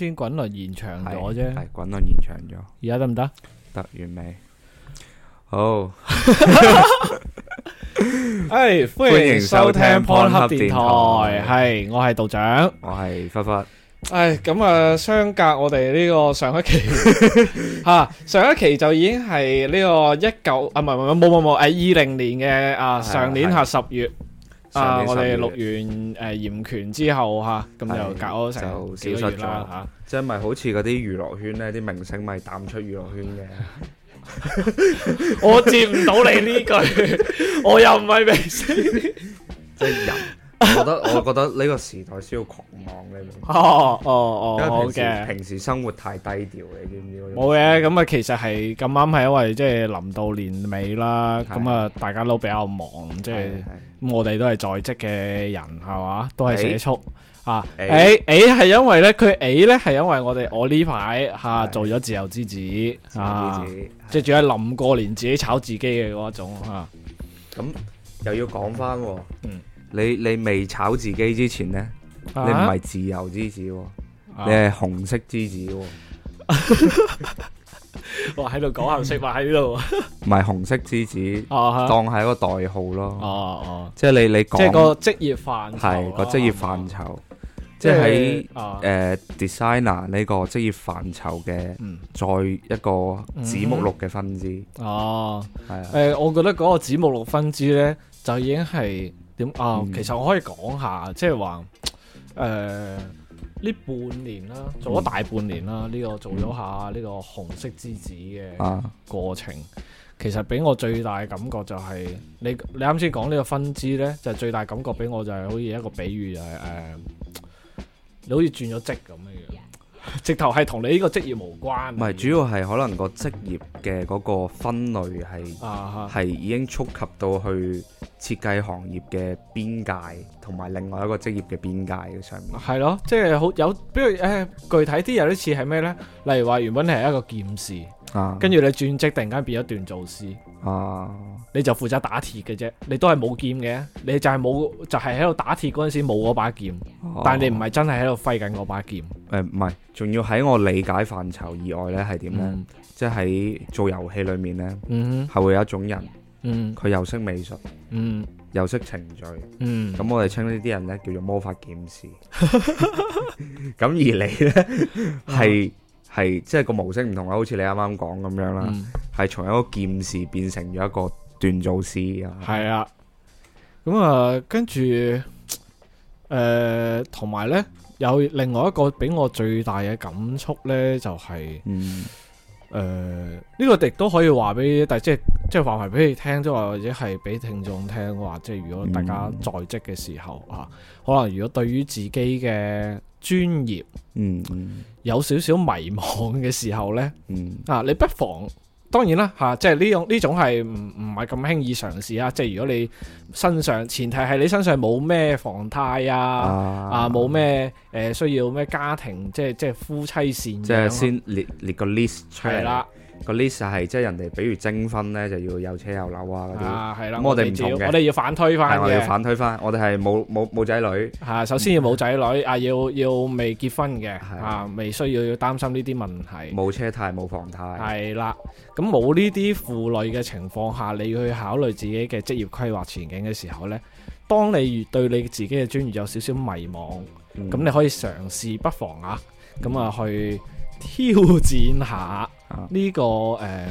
先滾輪延長咗啫，係滾輪延長咗。而家得唔得？得，完美，好。係歡迎收聽 point 黑電台，係，我係道長，我係忽忽。唉咁啊，相隔我哋呢個上一期吓，上一期就已經係呢個一九啊，唔係，唔係，冇冇冇，誒，二零年嘅啊，上年下十月。啊，我哋錄完誒、呃、嚴權之後嚇，咁、啊、就搞咗成幾個月啦嚇，即係咪好似嗰啲娛樂圈咧啲明星咪淡出娛樂圈嘅？我接唔到你呢句， 我又唔係明星，即 係 人。我覺得，我覺得呢個時代需要狂妄，你明？哦哦哦，因嘅平時生活太低調，你知唔知？冇嘅，咁啊，其實係咁啱係因為即係臨到年尾啦，咁啊，大家都比較忙，即係咁，我哋都係在職嘅人係嘛，都係寫速吓誒誒，係因為咧佢誒咧係因為我哋我呢排吓做咗自由之子啊，即係仲係臨過年自己炒自己嘅嗰一種吓，咁又要講翻嗯。你你未炒自己之前咧，你唔係自由之子，你係紅色之子。我喺度講紅色話喺度，唔係紅色之子，當係一個代號咯。哦哦，即係你你講即係個職業範係個職業範疇，即係喺誒 designer 呢個職業範疇嘅，再一個子目錄嘅分支。哦，係誒，我覺得嗰個子目錄分支咧，就已經係。啊？其實我可以講下，即係話誒呢半年啦，做咗大半年啦，呢、這個做咗下呢個紅色之子嘅過程，啊、其實俾我最大嘅感覺就係、是、你你啱先講呢個分支呢，就是、最大感覺俾我就係好似一個比喻、就是，就係誒你好似轉咗職咁嘅樣。直頭係同你呢個職業無關。唔係，主要係可能個職業嘅嗰個分類係係、啊、哈已經觸及到去設計行業嘅邊界，同埋另外一個職業嘅邊界嘅上面。係咯，即係好有，比如誒、欸、具體啲有啲似係咩呢？例如話原本你係一個劍士，跟住、啊、哈你轉職突然間變一段造師。啊！你就負責打鐵嘅啫，你都係冇劍嘅，你就係冇，就係喺度打鐵嗰陣時冇嗰把劍，但係你唔係真係喺度揮緊嗰把劍。誒，唔係，仲要喺我理解範疇以外呢係點呢？即係喺做遊戲裡面呢，係會有一種人，佢又識美術，又識程序，咁我哋稱呢啲人呢叫做魔法劍士。咁而你呢，係？係即係個模式唔同啦，好似你啱啱講咁樣啦，係、嗯、從一個劍士變成咗一個鍛造師、嗯、啊。係啊，咁啊，跟住誒，同、呃、埋呢，有另外一個俾我最大嘅感觸呢，就係、是、誒，呢、嗯呃呢個亦都可以話俾，但係即係即係話埋俾你聽，即係話或者係俾聽眾聽話，即係如果大家在職嘅時候、嗯、啊，可能如果對於自己嘅專業，嗯。嗯有少少迷茫嘅時候呢，嗯、啊，你不妨當然啦，嚇、啊，即係呢種呢種係唔唔係咁輕易嘗試啊！即係如果你身上前提係你身上冇咩房貸啊，啊，冇咩誒需要咩家庭，即係即係夫妻線，即係先列列個 list 出嚟。個 list 係即係人哋，比如徵婚咧就要有車有樓啊嗰啲，我哋唔同嘅，我哋要反推返，我哋要反推返，我哋係冇冇冇仔女，吓、啊，首先要冇仔女，嗯、啊，要要未結婚嘅，吓的、啊，未需要要擔心呢啲問題，冇車貸冇房貸，係啦，咁冇呢啲負累嘅情況下，你要去考慮自己嘅職業規劃前景嘅時候咧，當你越對你自己嘅專業有少少迷茫，咁、嗯、你可以嘗試不妨啊，咁啊去挑戰下。呢、這個誒、呃，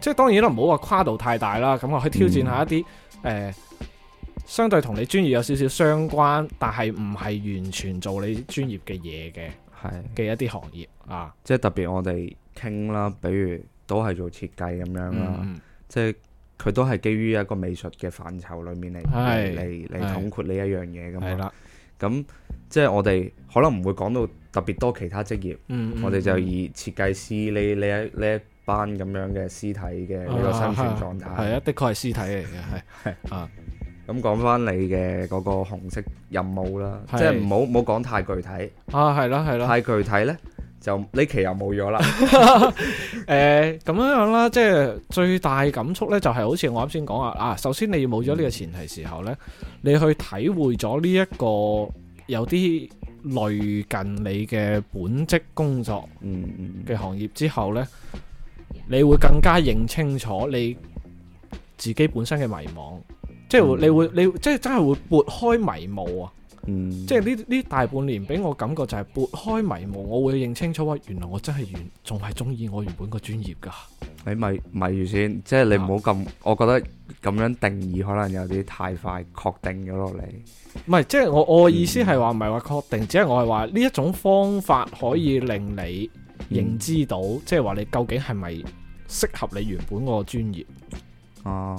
即係當然啦，唔好話跨度太大啦，咁我去挑戰一下一啲誒、嗯呃，相對同你專業有少少相關，但係唔係完全做你專業嘅嘢嘅，係嘅的一啲行業啊。即係特別我哋傾啦，比如都係做設計咁樣啦，嗯嗯即係佢都係基於一個美術嘅範疇裏面嚟嚟嚟統括呢一的的樣嘢咁。係啦的，咁。即係我哋可能唔會講到特別多其他職業，嗯嗯、我哋就以設計師呢呢一呢一班咁樣嘅屍體嘅呢個生存狀態係啊，的確係屍體嚟嘅係，啊咁講翻你嘅嗰個紅色任務啦，啊、即係唔好唔好講太具體啊，係咯係咯，啊啊、太具體咧就呢期又冇咗啦。誒、 呃，咁樣樣啦，即係最大感觸咧，就係好似我啱先講啊，首先你要冇咗呢個前提時候咧，你去體會咗呢一個。有啲類近你嘅本職工作嘅行業之後呢，你會更加認清楚你自己本身嘅迷茫，即係你會、嗯、你即係真係會撥開迷霧啊！嗯、即係呢呢大半年俾我感覺就係撥開迷霧，我會認清楚喂，原來我真係原仲係中意我原本個專業噶。你咪咪住先，即係你唔好咁，啊、我覺得咁樣定義可能有啲太快確定咗落嚟。唔係，即係我我嘅意思係話唔係話確定，嗯、只係我係話呢一種方法可以令你認知到，嗯、即係話你究竟係咪適合你原本個專業啊？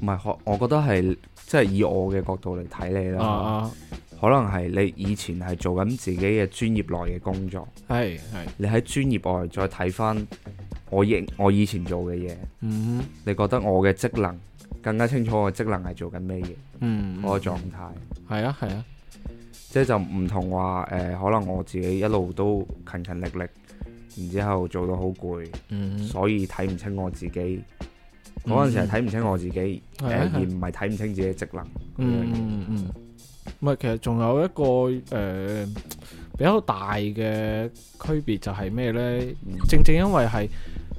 唔係，我我覺得係即係以我嘅角度嚟睇你啦。啊、可能係你以前係做緊自己嘅專業內嘅工作，係係你喺專業外再睇翻。我亦我以前做嘅嘢，你覺得我嘅職能更加清楚？我嘅職能係做緊咩嘢？我嘅狀態係啊係啊，即係就唔同話誒，可能我自己一路都勤勤力力，然之後做到好攰，所以睇唔清我自己。嗰陣時係睇唔清我自己，而唔係睇唔清自己職能。嗯嗯嗯，唔係其實仲有一個誒比較大嘅區別就係咩呢？正正因為係。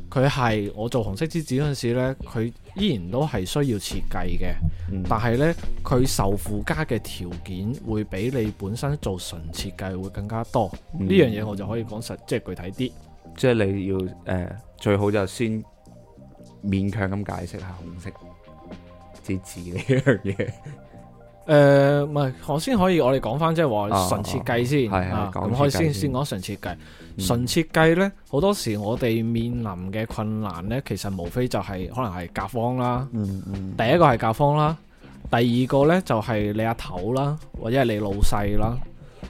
佢係我做紅色之子嗰陣時呢，佢依然都係需要設計嘅，嗯、但係呢，佢受附加嘅條件會比你本身做純設計會更加多呢、嗯、樣嘢，我就可以講實即係具體啲，即係你要誒、呃、最好就先勉強咁解釋下紅色之子呢樣嘢。誒，唔係我先可以，我哋講翻即係話純設計先，咁可以先先講純設計。純設計咧，好多時我哋面臨嘅困難咧，其實無非就係可能係甲方啦，嗯嗯、第一個係甲方啦，第二個咧就係你阿頭啦，或者係你老細啦，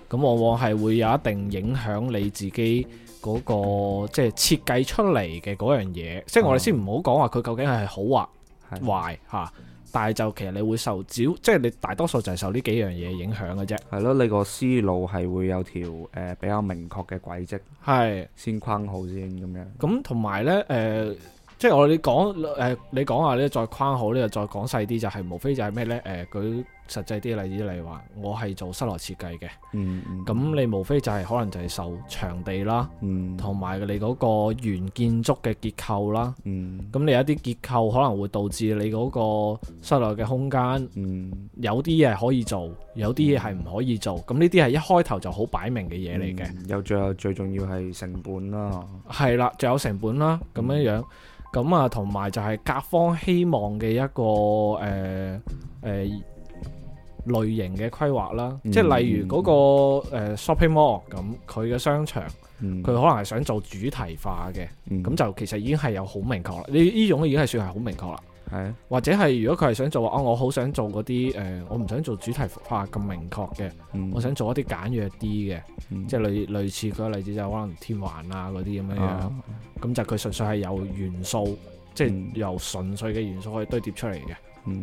咁往往係會有一定影響你自己嗰、嗰個、即係設計嗯、即係設計出嚟嘅嗰樣嘢。即係我哋先唔好講話佢究竟係好或壞吓。的但係就其實你會受，只即係你大多數就係受呢幾樣嘢影響嘅啫。係咯，你個思路係會有條誒、呃、比較明確嘅軌跡，係是先框好先咁樣。咁同埋咧誒，即係我哋講誒，你講下咧再框好咧，再講細啲就係、是、無非就係咩咧誒佢。呃實際啲例子嚟話，我係做室內設計嘅，咁、嗯嗯、你無非就係、是、可能就係受場地啦，同埋、嗯、你嗰個原建築嘅結構啦，咁、嗯、你有一啲結構可能會導致你嗰個室內嘅空間，嗯、有啲嘢係可以做，有啲嘢係唔可以做，咁呢啲係一開頭就好擺明嘅嘢嚟嘅。又最後最重要係成本啦，係啦，仲有成本啦，咁樣樣，咁啊，同埋就係甲方希望嘅一個誒誒。呃呃呃類型嘅規劃啦，即係例如嗰、那個 shopping mall 咁，佢、呃、嘅商、商場，佢、嗯、可能係想做主題化嘅，咁、嗯、就其實已經係有好明確啦。呢呢種已經係算係好明確啦。係、啊、或者係如果佢係想做啊、哦，我好想做嗰啲誒，我唔想做主題化咁明確嘅，嗯、我想做一啲簡約啲嘅，嗯、即係類類似舉個例子就可能天環啊嗰啲咁樣樣，咁、啊、就佢純粹係由元素，即係、嗯、由純粹嘅元素可以堆疊出嚟嘅。嗯，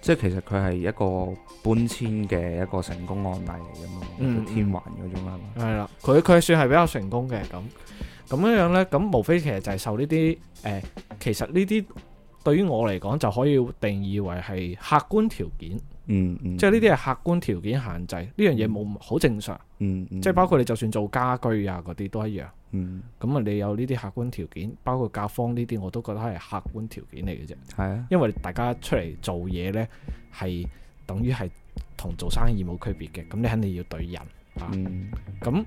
即係其實佢係一個搬遷嘅一個成功案例嚟嘅嘛，嗯嗯、天環嗰種係嘛，係啦，佢佢算係比較成功嘅，咁，咁樣樣咧，咁無非其實就係受呢啲，誒、呃，其實呢啲對於我嚟講就可以定義為係客觀條件。嗯嗯，嗯即係呢啲係客觀條件限制，呢、嗯、樣嘢冇，好正常。嗯嗯，嗯即係包括你就算做家居啊嗰啲都一樣。嗯，咁啊，你有呢啲客觀條件，包括甲方呢啲，我都覺得係客觀條件嚟嘅啫。係啊、嗯，因為大家出嚟做嘢呢，係等於係同做生意冇區別嘅。咁你肯定要對人、嗯、啊。咁。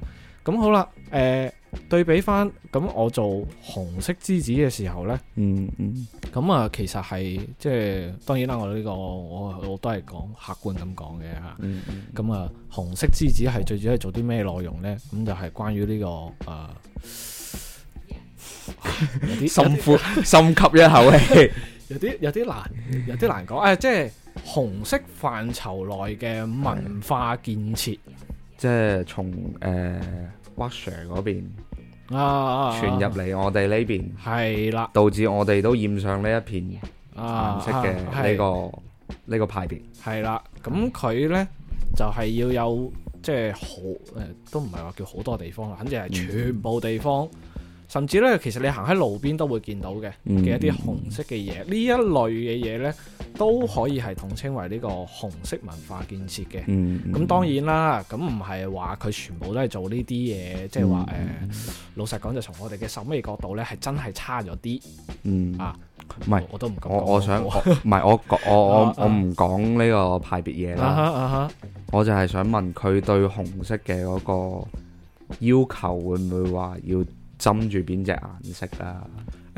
咁好啦，誒、呃、對比翻咁我做紅色之子嘅時候呢，嗯嗯，咁、嗯、啊其實係即係當然啦，我呢、呢個我我都係講客觀咁講嘅嚇，咁、嗯嗯、啊紅色之子係最主要係做啲咩內容呢？咁就係關於呢、呢個啊，深呼深吸一口氣，有啲有啲難，有啲難講，誒、啊、即係紅色範疇內嘅文化建設，即係從誒。就是 wash 嗰邊啊，傳入嚟我哋呢邊係啦，導致我哋都染上呢一片顏色嘅呢、這個呢、啊啊啊、個派別係啦，咁佢咧就係、是、要有即係、就是、好誒、呃，都唔係話叫好多地方啦，反正係全部地方，嗯、甚至咧，其實你行喺路邊都會見到嘅嘅、嗯、一啲紅色嘅嘢，呢一類嘅嘢咧。都可以係統稱為呢個紅色文化建設嘅，咁、嗯嗯、當然啦，咁唔係話佢全部都係做呢啲嘢，即係話誒，老實講就從我哋嘅審美角度呢，係真係差咗啲，啊，唔係是，我都唔敢講。我想，唔係過我我我 我唔講呢個派別嘢啦，uh huh, uh huh. 我就係想問佢對紅色嘅嗰個要求會唔會話要針住邊隻顏色啊？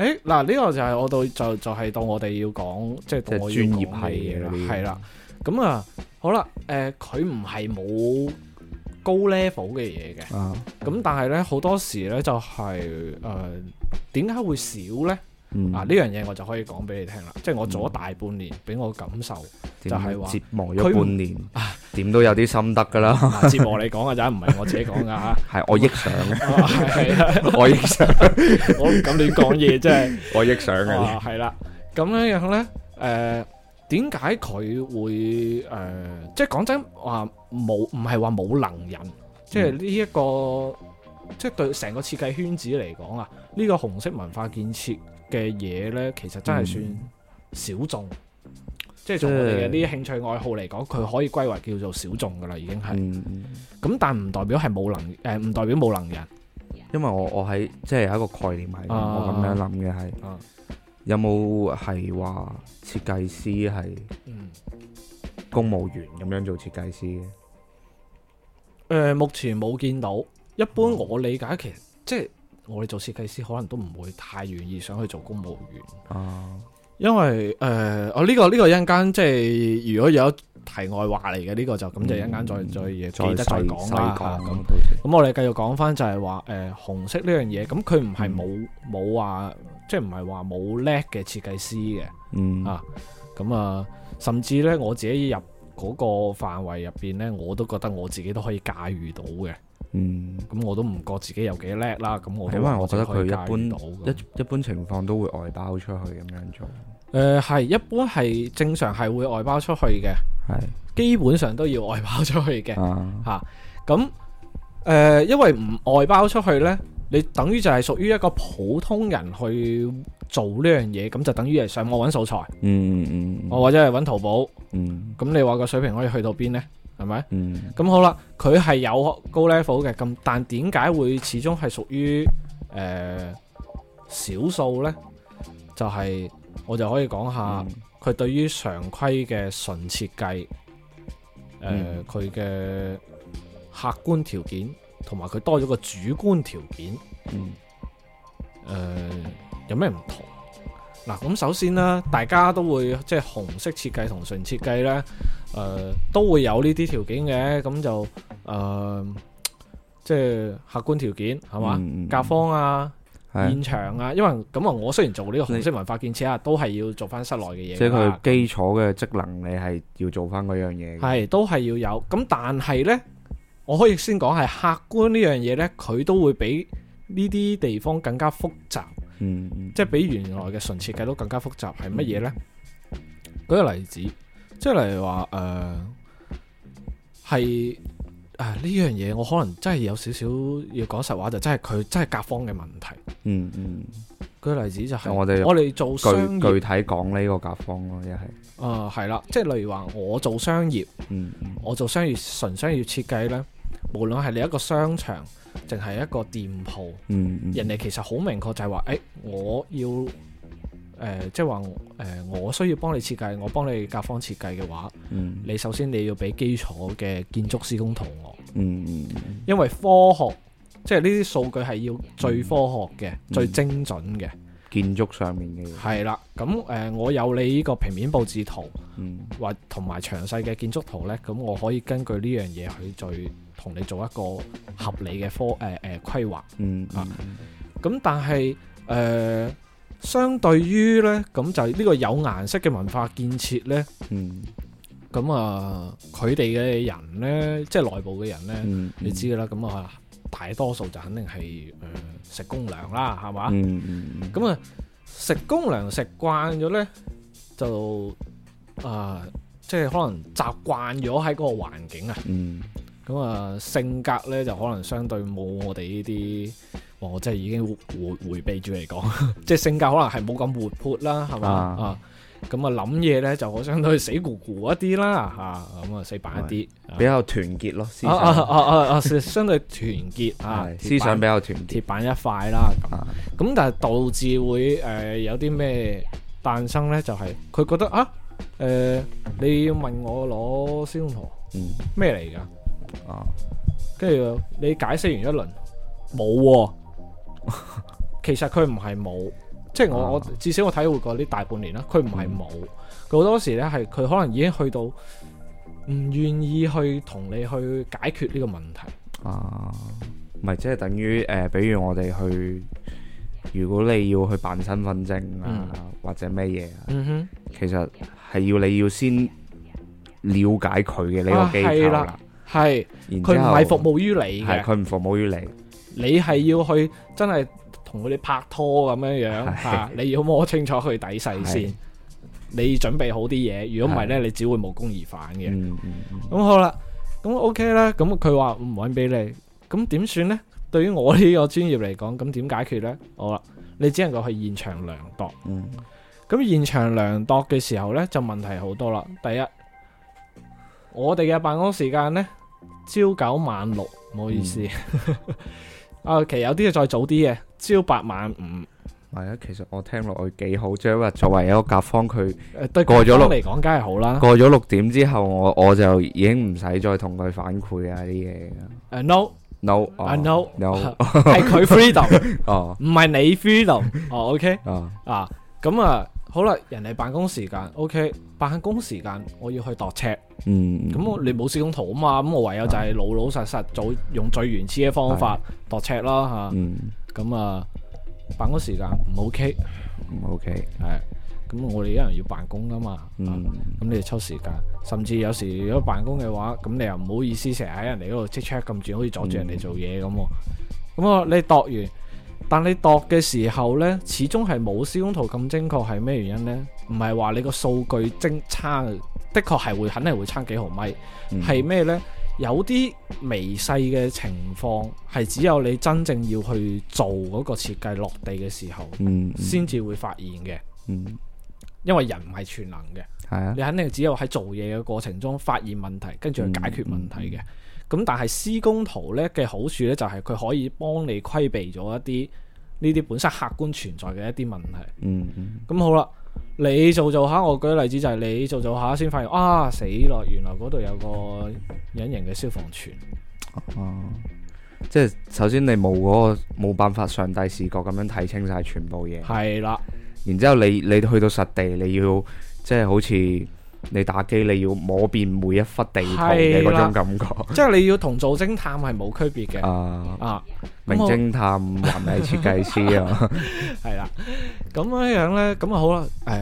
誒，嗱呢、欸啊這個就係我到就就係、是、到我哋要講，即係專業係嘢啦，係啦，咁、嗯嗯呃、啊好啦，誒佢唔係冇高 level 嘅嘢嘅，咁但係咧好多時咧就係誒點解會少咧？啊！呢樣嘢我就可以講俾你聽啦，即係我做咗大半年，俾我感受就係話，折磨咗半年，點都有啲心得噶啦。折磨你講啊，就唔係我自己講噶吓，係我臆想嘅，係係啊，我臆想。我唔敢亂講嘢即係我臆想嘅，係啦。咁咧，然後咧，誒，點解佢會誒？即係講真話，冇唔係話冇能人，即係呢一個，即係對成個設計圈子嚟講啊，呢個紅色文化建設。嘅嘢呢，其實真係算小眾，嗯、即係從我哋嘅啲興趣愛好嚟講，佢即可以歸為叫做小眾㗎喇，已經係。咁、嗯嗯、但唔代表係冇能，誒、呃、唔代表冇能人。因為我我喺即係有一個概念嚟嘅，我咁樣諗嘅係。啊啊、有冇係話設計師係公務員咁樣做設計師嘅？誒、嗯嗯呃，目前冇見到。一般我理解其實即係。嗯我哋做設計師可能都唔會太願意想去做公務員啊，因為誒，我、呃、呢、啊，這個呢、這個一陣間即係如果有題外話嚟嘅，呢個就咁、嗯、就一陣間再再嘢記得再講啦，咁咁、啊嗯、我哋繼續講翻就係話誒紅色呢樣嘢，咁佢唔係冇冇話即係唔係話冇叻嘅設計師嘅，嗯、啊，咁啊，甚至呢，我自己入嗰個範圍入邊呢，我都覺得我自己都可以駕馭到嘅。嗯，咁我都唔覺自己有幾叻啦，咁我因為我覺得佢一般樣一一般情況都會外包出去咁樣做。誒、呃，係一般係正常係會外包出去嘅，係是基本上都要外包出去嘅，吓咁誒，因為唔外包出去呢，你等於就係屬於一個普通人去做呢樣嘢，咁就等於係上網揾素材，嗯嗯嗯，或者係揾淘寶，嗯，咁、嗯嗯、你話個水平可以去到邊呢？係咪？咁、嗯、好啦，佢係有高 level 嘅，咁但點解會始終係屬於誒少數咧？就係、是、我就可以講下佢、嗯、對於常規嘅純設計，誒佢嘅客觀條件同埋佢多咗個主觀條件，誒、嗯呃、有咩唔同？嗱、啊，咁首先啦，大家都會即係、就是、紅色設計同純設計咧。誒、呃，都會有呢啲條件嘅，咁就誒、呃，即係客觀條件係嘛，甲、嗯、方啊、的現場啊，因為咁啊，我雖然做呢個紅色文化建設啊你，都係要做翻室內嘅嘢。即係佢基礎嘅職能，你係要做翻嗰樣嘢。係都係要有，咁但係呢，我可以先講係客觀呢樣嘢呢，佢都會比呢啲地方更加複雜。嗯，嗯即係比原來嘅純設計都更加複雜，係乜嘢呢？嗯、舉個例子。即係例如話，誒、呃，係誒呢樣嘢，呃、我可能真係有少少要講實話，就是、真係佢真係甲方嘅問題。嗯嗯，舉、嗯、例子就係、是嗯嗯、我哋我哋做商具，具體講呢個甲方咯，一係。啊、呃，係啦，即係例如話我做商業，嗯，嗯我做商業純商業設計呢，無論係你一個商場，定係一個店鋪，嗯嗯嗯、人哋其實好明確就係話，誒，我要。誒，即係話誒，我需要幫你設計，我幫你甲方設計嘅話，你首先你要俾基礎嘅建築施工圖我。嗯，因為科學即係呢啲數據係要最科學嘅、最精準嘅建築上面嘅。係啦，咁、嗯、誒，我有你呢個平面佈置圖，或同埋詳細嘅建築圖呢，咁我可以根據呢樣嘢去再同你做一個合理嘅科誒誒規劃。嗯啊，咁但係誒。相對於呢，咁就呢個有顏色嘅文化建設呢，咁啊、嗯，佢哋嘅人呢，即係內部嘅人呢，嗯嗯、你知噶啦，咁啊，大多數就肯定係誒、呃、食公糧啦，係嘛？咁啊、嗯嗯嗯，食公糧食慣咗呢，就啊、呃，即係可能習慣咗喺嗰個環境啊，咁啊、嗯、性格呢，就可能相對冇我哋呢啲。我真係已經回回避住嚟講，即係性格可能係冇咁活潑啦，係嘛啊？咁啊諗嘢咧就可相對死固固一啲啦，吓咁啊死板一啲的。啊、比較團結咯，相對團結啊，思想比較團結，鐵板一塊啦。咁但係導致會誒有啲咩誕生咧？就係佢覺得啊，誒、呃、你要問我攞司徒圖，嗯咩嚟噶？啊，跟住你解釋完一輪，冇。 其實佢唔係冇，即係我我至少我體會過呢大半年啦。佢唔係冇，佢好多時咧係佢可能已經去到唔願意去同你去解決呢個問題啊。唔係即係等於誒、呃，比如我哋去，如果你要去辦身份證啊、嗯、或者咩嘢啊，嗯、哼其實係要你要先了解佢嘅呢個機構啦。係佢唔係服務於你嘅，係、佢唔服務於你。你係要去真係同佢哋拍拖咁樣樣吓，的的你要摸清楚佢底細先。的你準備好啲嘢，如果唔係呢，的你只會無功而返嘅。咁、嗯嗯嗯、好啦，咁 OK 啦。咁佢話唔搵俾你，咁點算呢？對於我呢個專業嚟講，咁點解決呢？好啦，你只能夠去現場量度。咁、嗯、現場量度嘅時候呢，就問題好多啦。第一，我哋嘅辦公時間呢，朝九晚六，唔好意思。嗯 啊，其實有啲嘢再早啲嘅，朝八晚五。係啊，其實我聽落去幾好，即係話作為一個甲方佢，誒，都過咗六嚟講，梗係好啦。過咗六點之後，我我就已經唔使再同佢反饋啊啲嘢。誒，no，no，no，係佢 freedom，哦，唔係你 freedom，哦，OK，啊，咁啊。好啦，人哋辦公時間，O、OK, K，辦公時間我要去度尺，嗯，咁我你冇施工圖啊嘛，咁、嗯、我唯有就係老老實實做用最原始嘅方法度尺啦吓，咁、嗯、啊，啊辦公時間唔 O K，唔 O K，係，咁、嗯 okay，我哋一樣要辦公㗎嘛，咁、嗯啊、你哋抽時間，甚至有時如果辦公嘅話，咁你又唔好意思成日喺人哋嗰度即尺咁住，可以阻住人哋做嘢咁喎，咁我、嗯、你度完。但你度嘅時候呢，始終係冇施工圖咁精確，係咩原因呢？唔係話你個數據精差的確係會肯定會差幾毫米。係咩、嗯、呢？有啲微細嘅情況係只有你真正要去做嗰個設計落地嘅時候，先至、嗯嗯、會發現嘅。嗯、因為人唔係全能嘅，嗯、你肯定只有喺做嘢嘅過程中發現問題，跟住去解決問題嘅。咁但係施工圖呢嘅好處呢，就係佢可以幫你規避咗一啲呢啲本身客觀存在嘅一啲問題。嗯嗯。咁、嗯、好啦，你做做下，我舉例子就係你做做下先發現啊，死咯，原來嗰度有個隱形嘅消防栓。哦、啊。即係首先你冇嗰、嗰個冇辦法上帝視角咁樣睇清晒全部嘢，係啦了。然之後你，你去到實地，你要即係好似。你打機，你要摸遍每一忽地圖嘅嗰種感覺，即係你要同做偵探係冇區別嘅。啊啊，名偵探係咪設計師啊，係啦，咁樣樣咧，咁啊好啦，誒，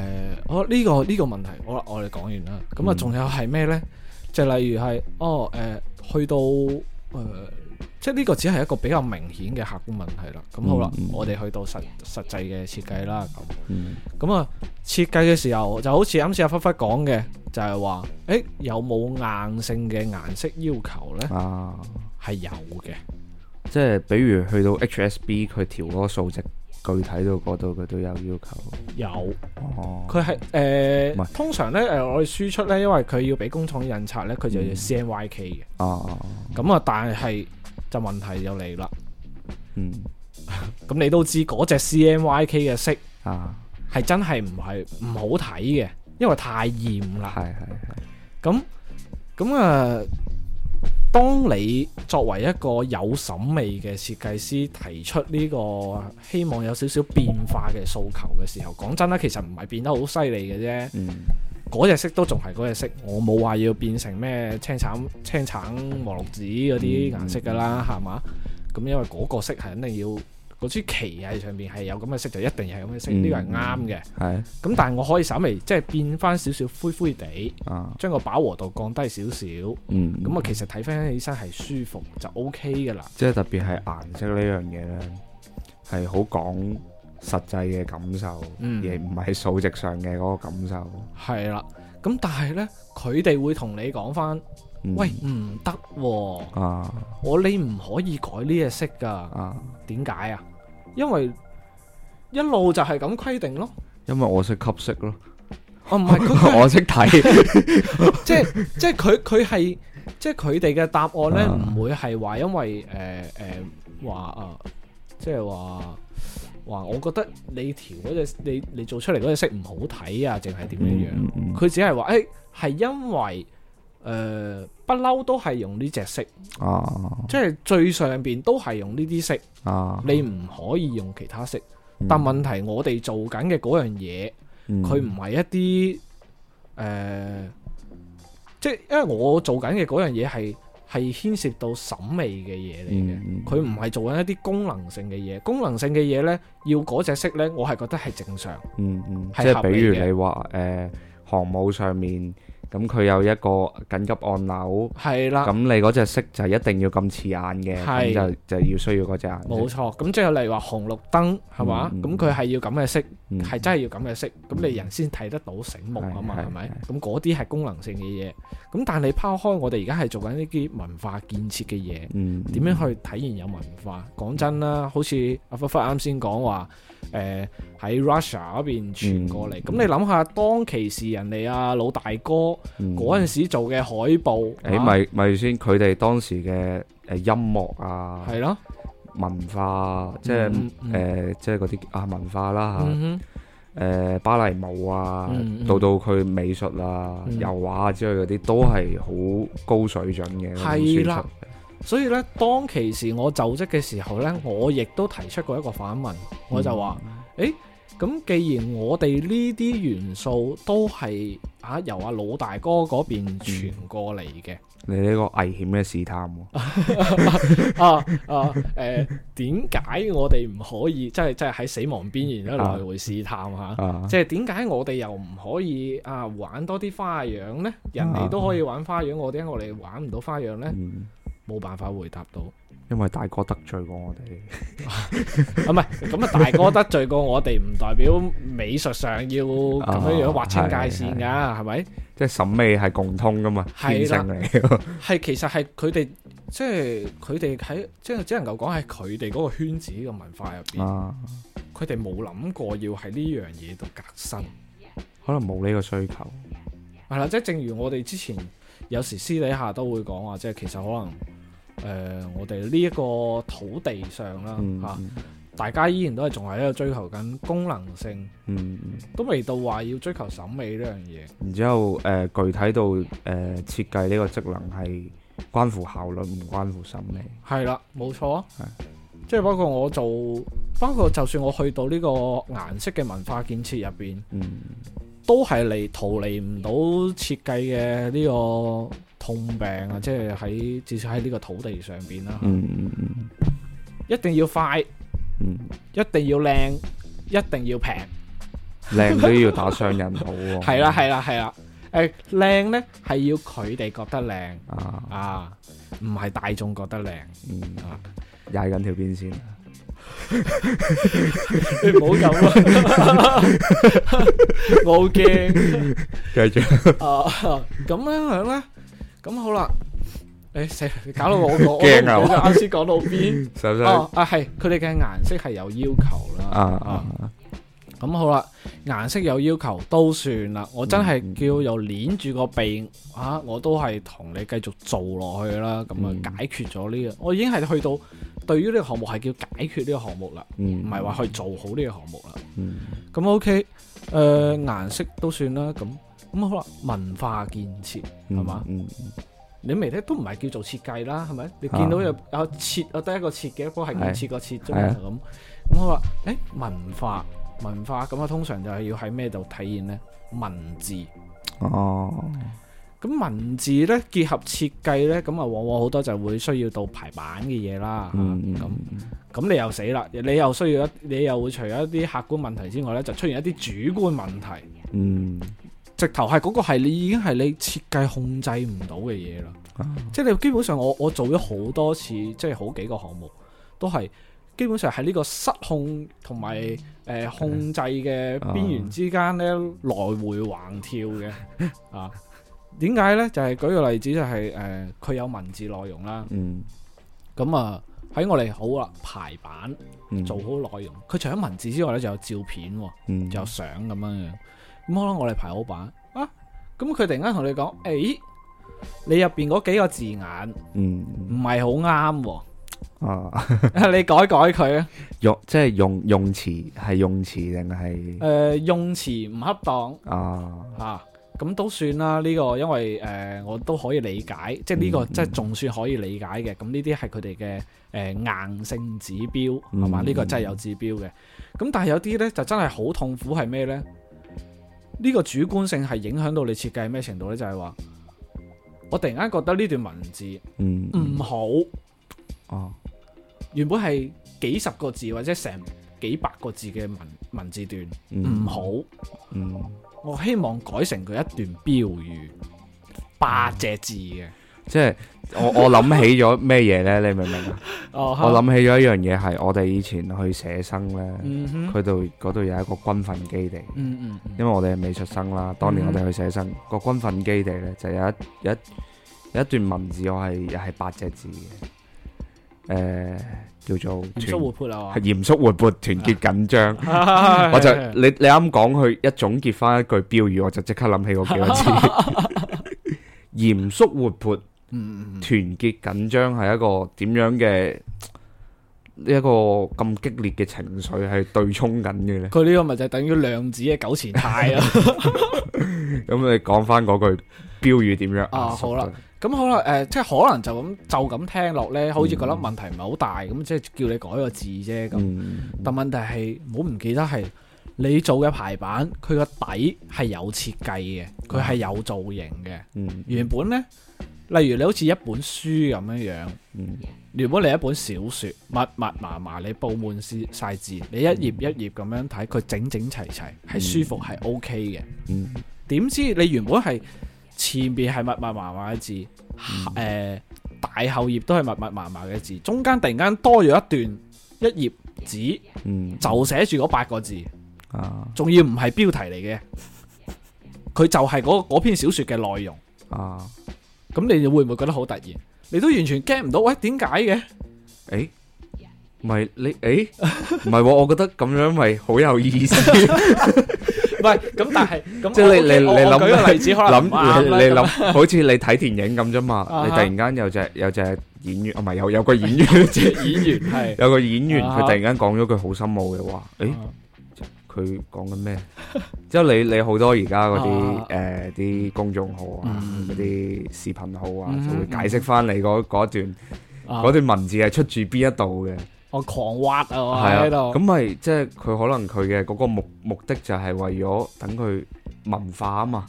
我呢個呢個問題好啦，我哋講完啦，咁啊仲有係咩咧？就例如係哦，誒，去到誒。即係呢個只係一個比較明顯嘅客觀問題啦。咁好啦，嗯嗯、我哋去到實實際嘅設計啦。咁咁啊，設計嘅時候就好似啱先阿輝輝講嘅，就係、是、話，誒、欸、有冇硬性嘅顏色要求呢？係、啊、有嘅，即係比如去到 H S B 佢調嗰個數值，具體到嗰度佢都有要求。有，佢係誒，呃、是通常呢，誒，我哋輸出呢，因為佢要俾工廠印刷呢，佢就要 C M Y K 嘅。哦，咁啊，啊但係。就問題又嚟啦，嗯，咁 你都知嗰隻 CMYK 嘅色啊，係真係唔係唔好睇嘅，因為太艷啦，係係係，咁咁啊，當你作為一個有審美嘅設計師提出呢個希望有少少變化嘅訴求嘅時候，講真啦，其實唔係變得好犀利嘅啫，嗯。嗰隻色都仲係嗰隻色，我冇話要變成咩青橙、青橙黃綠紫嗰啲顏色噶啦，係嘛、嗯？咁因為嗰個色係肯定要嗰支旗上面係有咁嘅色，就一定係咁嘅色，呢、嗯、個係啱嘅。係、嗯。咁但係我可以稍微即係變翻少少灰灰地，將個、嗯、飽和度降低少少、嗯。嗯。咁啊，其實睇翻起身係舒服就 OK 噶啦。即係特別係顏色呢樣嘢咧，係好講，實際嘅感受，而唔係數值上嘅嗰個感受。係啦、嗯，咁但係呢，佢哋會同你講返，喂唔得，嗯啊、我你唔可以改呢隻色噶。點解啊？因為一路就係咁規定咯。因為我識吸色咯。哦、啊，唔係，我識睇。即係即係佢佢係即係佢哋嘅答案呢，唔會係話因為誒誒話啊，即係話。呃呃話我覺得你調嗰隻你你做出嚟嗰隻色唔好睇啊，定係點樣樣？佢、嗯嗯、只係話，誒、欸、係因為誒不嬲都係用呢隻色啊，啊即係最上面都係用呢啲色啊，啊你唔可以用其他色。嗯、但問題我哋做緊嘅嗰樣嘢，佢唔係一啲誒、呃，即係因為我做緊嘅嗰樣嘢係。係牽涉到審美嘅嘢嚟嘅，佢唔係做緊一啲功能性嘅嘢，功能性嘅嘢呢，要嗰隻色呢，我係覺得係正常，嗯嗯、即係比如你話誒，航母上面。咁佢有一個緊急按鈕，係啦。咁你嗰隻色就一定要咁刺眼嘅，咁就就要需要嗰隻眼。冇錯。咁即係例如話紅綠燈係嘛？咁佢係要咁嘅色，係真係要咁嘅色，咁你人先睇得到醒目啊嘛？係咪？咁嗰啲係功能性嘅嘢。咁但係你拋開我哋而家係做緊呢啲文化建設嘅嘢，點樣去體現有文化？講真啦，好似阿福福啱先講話。誒喺 Russia 嗰邊傳過嚟，咁你諗下，當其時人哋阿老大哥嗰陣時做嘅海報，咪咪先佢哋當時嘅誒音樂啊，係咯文化，即係誒即係嗰啲啊文化啦嚇，誒芭蕾舞啊，到到佢美術啊、油畫啊之類嗰啲都係好高水準嘅，係啦。所以咧，當其時我就職嘅時候咧，我亦都提出過一個反問，我就話：誒、嗯，咁、欸、既然我哋呢啲元素都係啊由阿老大哥嗰邊傳過嚟嘅，嗯，你呢個危險嘅試探喎，哦 啊！啊啊，誒、呃，點解我哋唔可以即係即係喺死亡邊緣咧來回試探吓？啊，即係點解我哋又唔可以啊玩多啲花樣咧？人哋都可以玩花樣，嗯，我點解我哋玩唔到花樣咧？嗯冇辦法回答到，因為大哥得罪過我哋，唔係咁啊！大哥得罪過我哋，唔代表美術上要咁樣樣劃清界線㗎，係咪？即係審美係共通㗎嘛？係啦，係其實係佢哋，即係佢哋喺即係只能夠講係佢哋嗰個圈子嘅文化入邊，佢哋冇諗過要喺呢樣嘢度革新，可能冇呢個需求。係啦，即係正如我哋之前有時私底下都會講話，即係其實可能。誒、呃，我哋呢一個土地上啦，吓、嗯嗯，大家依然都係仲係喺度追求緊功能性，嗯嗯都未到話要追求審美呢樣嘢。然之後誒、呃，具體到誒、呃、設計呢個職能係關乎效率，唔關乎審美。係啦、嗯，冇錯。係的，即係包括我做，包括就算我去到呢個顏色嘅文化建設入邊，嗯、都係嚟逃離唔到設計嘅呢、這個。痛病啊！即係喺至少喺呢個土地上邊啦，一定要快，一定要靚，一定要平，靚都要打上人腦喎。係啦係啦係啦，誒靚咧係要佢哋覺得靚啊，唔係大眾覺得靚。嗯啊，踩緊條邊先，你唔好咁啊，冇驚，繼續啊咁樣樣咧。咁好啦，誒、欸，搞到我 我我驚啱先講到邊？ 啊啊係，佢哋嘅顏色係有要求啦。啊啊，咁、啊啊、好啦，顏色有要求都算啦。我真係叫又捏住個鼻啊，我都係同你繼續做落去啦。咁啊，解決咗呢、這個，我已經係去到對於呢個項目係叫解決呢個項目啦，唔係話去做好呢個項目啦。咁、嗯、OK，誒、呃，顏色都算啦，咁。咁好啦，文化建設係嘛？你未聽都唔係叫做設計啦，係咪？啊、你見到有啊設啊得一個設嘅，不過係建設個設，即係咁。咁我話，誒文化文化咁啊，通常就係要喺咩度體現咧？文字。哦。咁文字咧結合設計咧，咁啊往往好多就會需要到排版嘅嘢啦。咁咁你又死啦！你又需要一，你又會除咗一啲客觀問題之外咧，就出現一啲主觀問題。嗯。直頭係嗰個係你已經係你設計控制唔到嘅嘢啦，啊、即係你基本上我我做咗好多次，即係好幾個項目都係基本上喺呢個失控同埋誒控制嘅邊緣之間咧、啊、來回橫跳嘅啊？點解呢？就係、係、舉個例子就係誒佢有文字內容啦，咁、嗯嗯、啊喺我哋好啦，排版做好內容，佢、嗯、除咗文字之外咧就有照片喎，有相咁樣樣。嗯嗯咁啦，我哋排好版啊！咁佢突然間同你講，誒，你入邊嗰幾個字眼，嗯，唔係好啱，啊 你改改佢啊， 用即係用用詞係用詞定係誒用詞唔恰當啊啊，咁、啊、都算啦呢、這個，因為誒、呃、我都可以理解，嗯、即係呢個即係仲算可以理解嘅。咁呢啲係佢哋嘅誒硬性指標係嘛？呢、嗯這個真係有指標嘅。咁、嗯嗯、但係有啲咧就真係好痛苦，係咩咧？呢個主觀性係影響到你設計咩程度呢？就係、是、話，我突然間覺得呢段文字唔好，哦、嗯，嗯、原本係幾十個字或者成幾百個字嘅文文字段唔好，嗯嗯、我希望改成佢一段標語，八隻字嘅，即係。我我諗起咗咩嘢咧？你明唔明啊？我諗起咗一樣嘢係我哋以前去寫生咧，佢度嗰度有一個軍訓基地。嗯嗯，因為我哋係美術生啦，當年我哋去寫生個軍訓基地咧，就有一有一有一段文字，我係又係八隻字嘅，誒，叫做嚴肅活潑啊，係嚴肅活潑，團結緊張。我就你你啱講佢一總結翻一句標語，我就即刻諗起嗰幾個字，嚴肅活潑。嗯，團、嗯、結緊張，係一個點樣嘅一個咁激烈嘅情緒，係對沖緊嘅呢？佢呢個咪就係等於量子嘅九前態咯。咁你講翻嗰句標語點樣啊？好啦，咁、嗯、好啦，誒、呃，即係可能就咁就咁聽落呢，好似覺得問題唔係好大，咁即係叫你改個字啫。咁、嗯、但問題係唔好唔記得係你做嘅排版，佢個底係有設計嘅，佢係有造型嘅。嗯嗯、原本呢。例如你好似一本書咁樣樣，嗯、原本你一本小説密密麻麻你佈滿晒字，你一頁一頁咁樣睇，佢整整齊齊係舒服係 O K 嘅。點知你原本係前面係密密麻麻嘅字，誒、嗯呃、大後頁都係密密麻麻嘅字，中間突然間多咗一段一頁紙，嗯、就寫住嗰八個字，仲、啊、要唔係標題嚟嘅，佢就係嗰篇小説嘅內容啊。啊啊。咁你會唔會覺得好突然？你都完全 get 唔到，喂點解嘅？誒，唔係你誒，唔係喎，我覺得咁樣咪好有意思。唔係，咁但係咁，即係你你你諗個例子，諗住你諗，好似你睇電影咁啫嘛。你突然間有隻有隻演員，啊，唔係有有個演員，隻演員係有個演員，佢突然間講咗句好深奧嘅話，誒。佢講緊咩？之後 你你好多而家嗰啲誒啲公眾號啊，嗰啲，啊、視頻號啊，就會解釋返你嗰段，啊、段文字係出自邊一度嘅。我狂挖啊！我係喺度咁，咪即係佢可能佢嘅嗰個目目的就係為咗等佢文化啊嘛，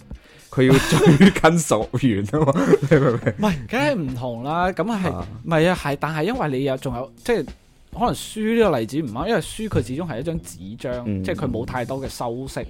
佢要追根溯源啊嘛， 你明唔明？唔 係，梗係唔同啦。咁係唔係啊？係，但係因為你有仲有即係。即係可能書呢個例子唔啱，因為書佢始終係一張紙張，嗯、即係佢冇太多嘅修飾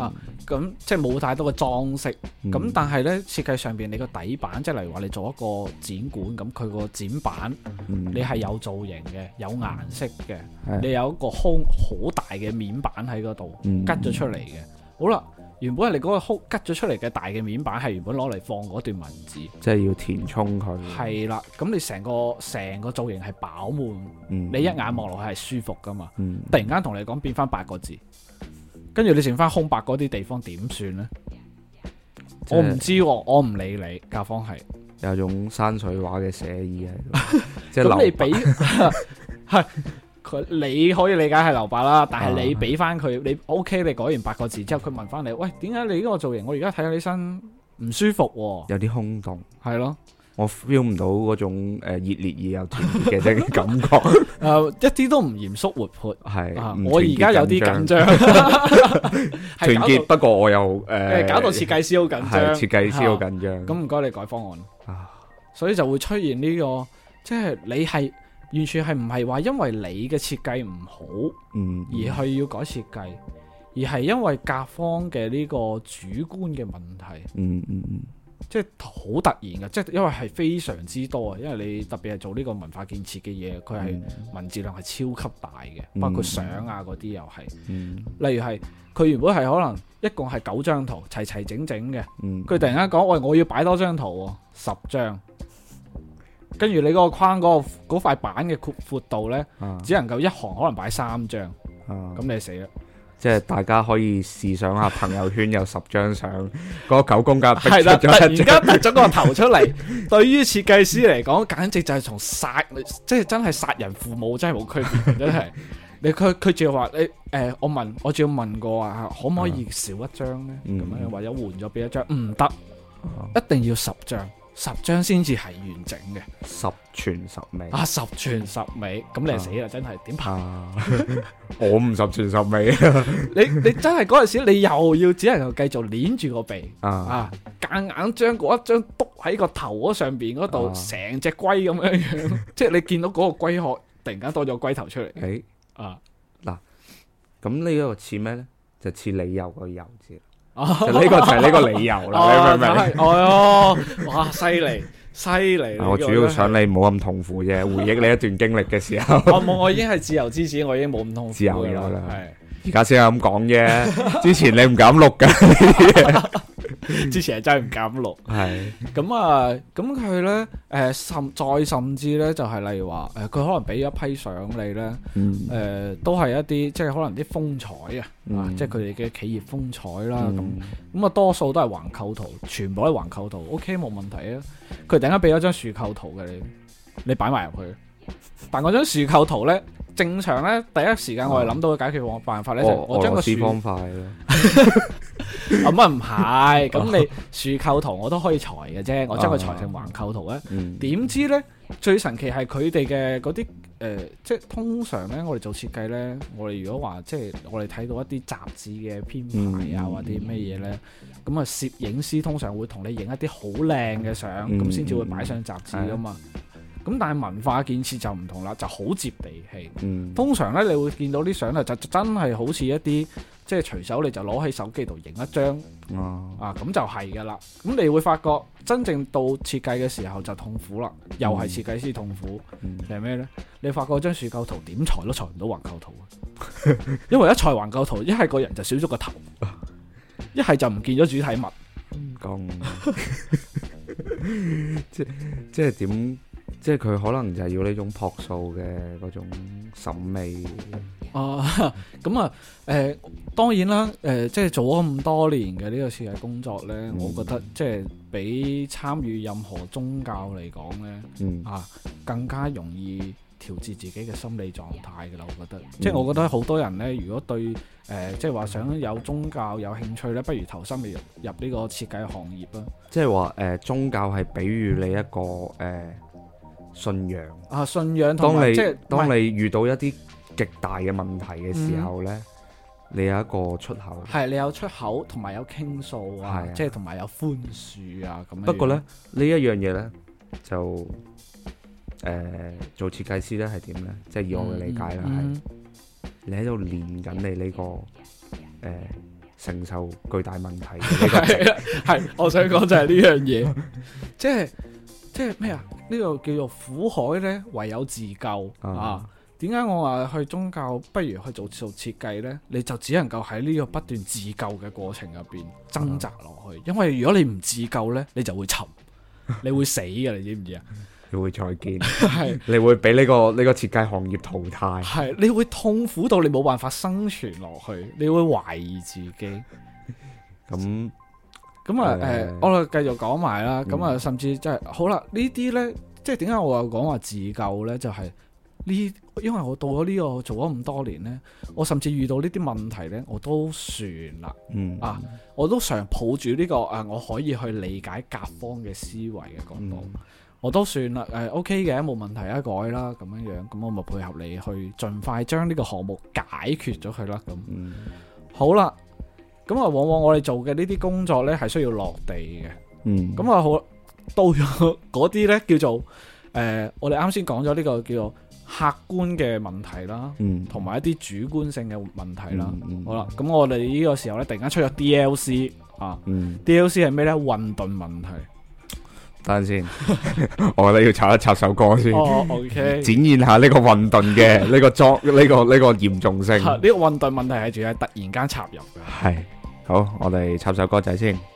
啊，咁即係冇太多嘅裝飾。咁、嗯、但係呢，設計上邊你個底板，即係例如話你做一個展館，咁佢個展板你係有造型嘅、有顏色嘅，嗯、你有一個空好大嘅面板喺嗰度吉咗出嚟嘅。好啦。原本係你嗰個哭吉咗出嚟嘅大嘅面板，係原本攞嚟放嗰段文字，即係要填充佢。係啦，咁你成個成個造型係飽滿，嗯、你一眼望落去係舒服噶嘛？嗯、突然間同你講變翻八個字，跟住你剩翻空白嗰啲地方點算呢？是我唔知，我唔理你。甲方係有種山水畫嘅寫意啊， 即係咁你俾。 佢你可以理解係留白啦，但係你俾翻佢，你 O、OK, K，你改完八個字之後，佢問翻你，喂，點解你呢個造型，我而家睇起身唔舒服，啊，有啲空洞，係咯，啊，我 feel 唔到嗰種誒熱烈而有團結嘅感覺，誒 、呃，一啲都唔嚴肅活潑，係，我而家有啲緊張，團結，不過我又誒，呃、搞到設計師好緊張，設計、啊、師好緊張，咁唔該你改方案， 所以就會出現呢、這個，即、就、係、是、你係。完全係唔係話因為你嘅設計唔好，嗯嗯、而係要改設計，而係因為甲方嘅呢個主觀嘅問題。嗯嗯，即係好突然嘅，即係因為係非常之多啊！因為你特別係做呢個文化建設嘅嘢，佢係文字量係超級大嘅，包括相啊嗰啲又係。嗯嗯、例如係佢原本係可能一共係九張圖齊齊整整嘅，佢突然間講：「喂，我要擺多張圖喎，十張。跟住你嗰個框，嗰、那個塊板嘅闊度呢，只能夠一行可能擺三張，咁、啊、你死啦！即係大家可以試想下，朋友圈有十張相，嗰 個九宮格，係啦，突然間突咗個頭出嚟， 對於設計師嚟講，簡直就係從殺，即、就、係、是、真係殺人父母，真係冇區別， 真係。你佢佢仲要話你誒，我問，我仲要問過話，可唔可以少一張呢？咁樣、嗯、或者換咗畀一張，唔得，一定要十張。十張先至係完整嘅，十全十美啊！十全十美，咁你死啦！真係點拍？我唔十全十美啊！ 你你真係嗰陣時，你又要只能夠繼續捻住個鼻啊啊！夾、啊、硬將嗰一張篤喺個頭嗰上邊嗰度，成隻龜咁樣樣，啊、 即係你見到嗰個龜殼突然間多咗個龜頭出嚟。誒、欸、啊嗱，咁呢一個似咩咧？就似你有個幼稚。呢個就係呢個理由啦，哦、明唔明、就是？哦哇，犀利，犀利！我主要想你唔好咁痛苦啫， 回憶你一段經歷嘅時候。我冇，我已經係自由之子，我已經冇咁痛苦。自由咗啦，係而家先係咁講啫， 之前你唔敢錄噶。 之前係真係唔敢錄，係咁 啊，咁佢咧，誒、呃，甚再甚至咧，就係例如話，誒、呃，佢可能俾一批相你咧，誒、呃，都係一啲，即係可能啲風采啊，嗯、啊，即係佢哋嘅企業風采啦，咁、嗯，咁啊，多數都係橫構圖，全部都係橫構圖，OK，冇問題啊，佢突然間俾咗張豎構圖俾你，你擺埋入去，但嗰張豎構圖咧。正常咧，第一時間我哋諗到嘅解決方法咧，我就我將個樹方塊。咁 啊，唔係，咁你樹構圖我都可以裁嘅啫，我將佢裁成橫構圖咧。點、啊嗯、知咧，最神奇係佢哋嘅嗰啲誒，即係通常咧，我哋做設計咧，我哋如果話即係我哋睇到一啲雜誌嘅編排啊，嗯、或者咩嘢咧，咁啊，攝影師通常會同你影一啲好靚嘅相，咁先至會擺上雜誌噶嘛。嗯嗯嗯。咁但係文化建設就唔同啦，就好接地氣。嗯、通常呢，你會見到啲相咧，就真係好似一啲即係隨手你就攞喺手機度影一張、哦、啊，咁就係噶啦。咁你會發覺真正到設計嘅時候就痛苦啦，又係設計師痛苦。係咩咧？你發覺張樹構圖點裁都裁唔到環構圖，呵呵因為一裁環構圖，一係個人就少咗個頭，一係就唔見咗主題物。咁即即係點？即係佢可能就係要呢種樸素嘅嗰種審美啊。咁啊，誒、呃、當然啦，誒、呃、即係做咗咁多年嘅呢個設計工作呢，嗯、我覺得即係比參與任何宗教嚟講咧、嗯、啊，更加容易調節自己嘅心理狀態㗎啦。我覺得，嗯、即係我覺得好多人呢，如果對誒、呃、即係話想有宗教有興趣呢，不如投身入入呢個設計行業啦。即係話誒，宗教係比喻你一個誒。呃呃信仰啊，信仰同埋即係當你遇到一啲極大嘅問題嘅時候咧，你有一個出口係，你有出口，同埋有傾訴啊，即係同埋有寬恕啊咁。不過咧，呢一樣嘢咧就誒，做設計師咧係點咧？即係以我嘅理解啦，係你喺度練緊你呢個誒承受巨大問題係啦。係我想講就係呢樣嘢，即係。即係咩啊？呢、這個叫做苦海呢，唯有自救啊！點解、啊、我話去宗教不如去做做設計咧？你就只能夠喺呢個不斷自救嘅過程入邊掙扎落去。啊、因為如果你唔自救呢，你就會沉， 你會死嘅，你知唔知啊？你會再見，係 是你會俾呢個呢個設計行業淘汰，係 你會痛苦到你冇辦法生存落去，你會懷疑自己。咁。 咁啊，誒，我哋繼續講埋啦。咁啊、嗯，甚至即、就、係、是、好啦，呢啲呢，即係點解我話講話自救呢？就係、是、呢，因為我到咗呢、這個做咗咁多年呢，我甚至遇到呢啲問題呢，我都算啦、這個，啊，我都常抱住呢個誒，我可以去理解甲方嘅思維嘅角度，嗯、我都算啦，誒，O K 嘅，冇、okay、問題啊，改啦，咁樣樣，咁我咪配合你去盡快將呢個項目解決咗佢啦，咁、嗯嗯，好啦。好。咁啊，往往我哋做嘅呢啲工作咧，係需要落地嘅。嗯，咁啊好，到咗嗰啲咧叫做誒，我哋啱先講咗呢個叫做客觀嘅問題啦，嗯，同埋一啲主觀性嘅問題啦。好啦，咁我哋呢個時候咧，突然間出咗 DLC 啊，DLC 係咩咧？混沌問題。等陣先，我覺得要插一插首歌先。哦，OK。展現下呢個混沌嘅呢個裝呢個呢個嚴重性。呢個混沌問題係仲係突然間插入嘅。係。好，我哋插首歌仔先。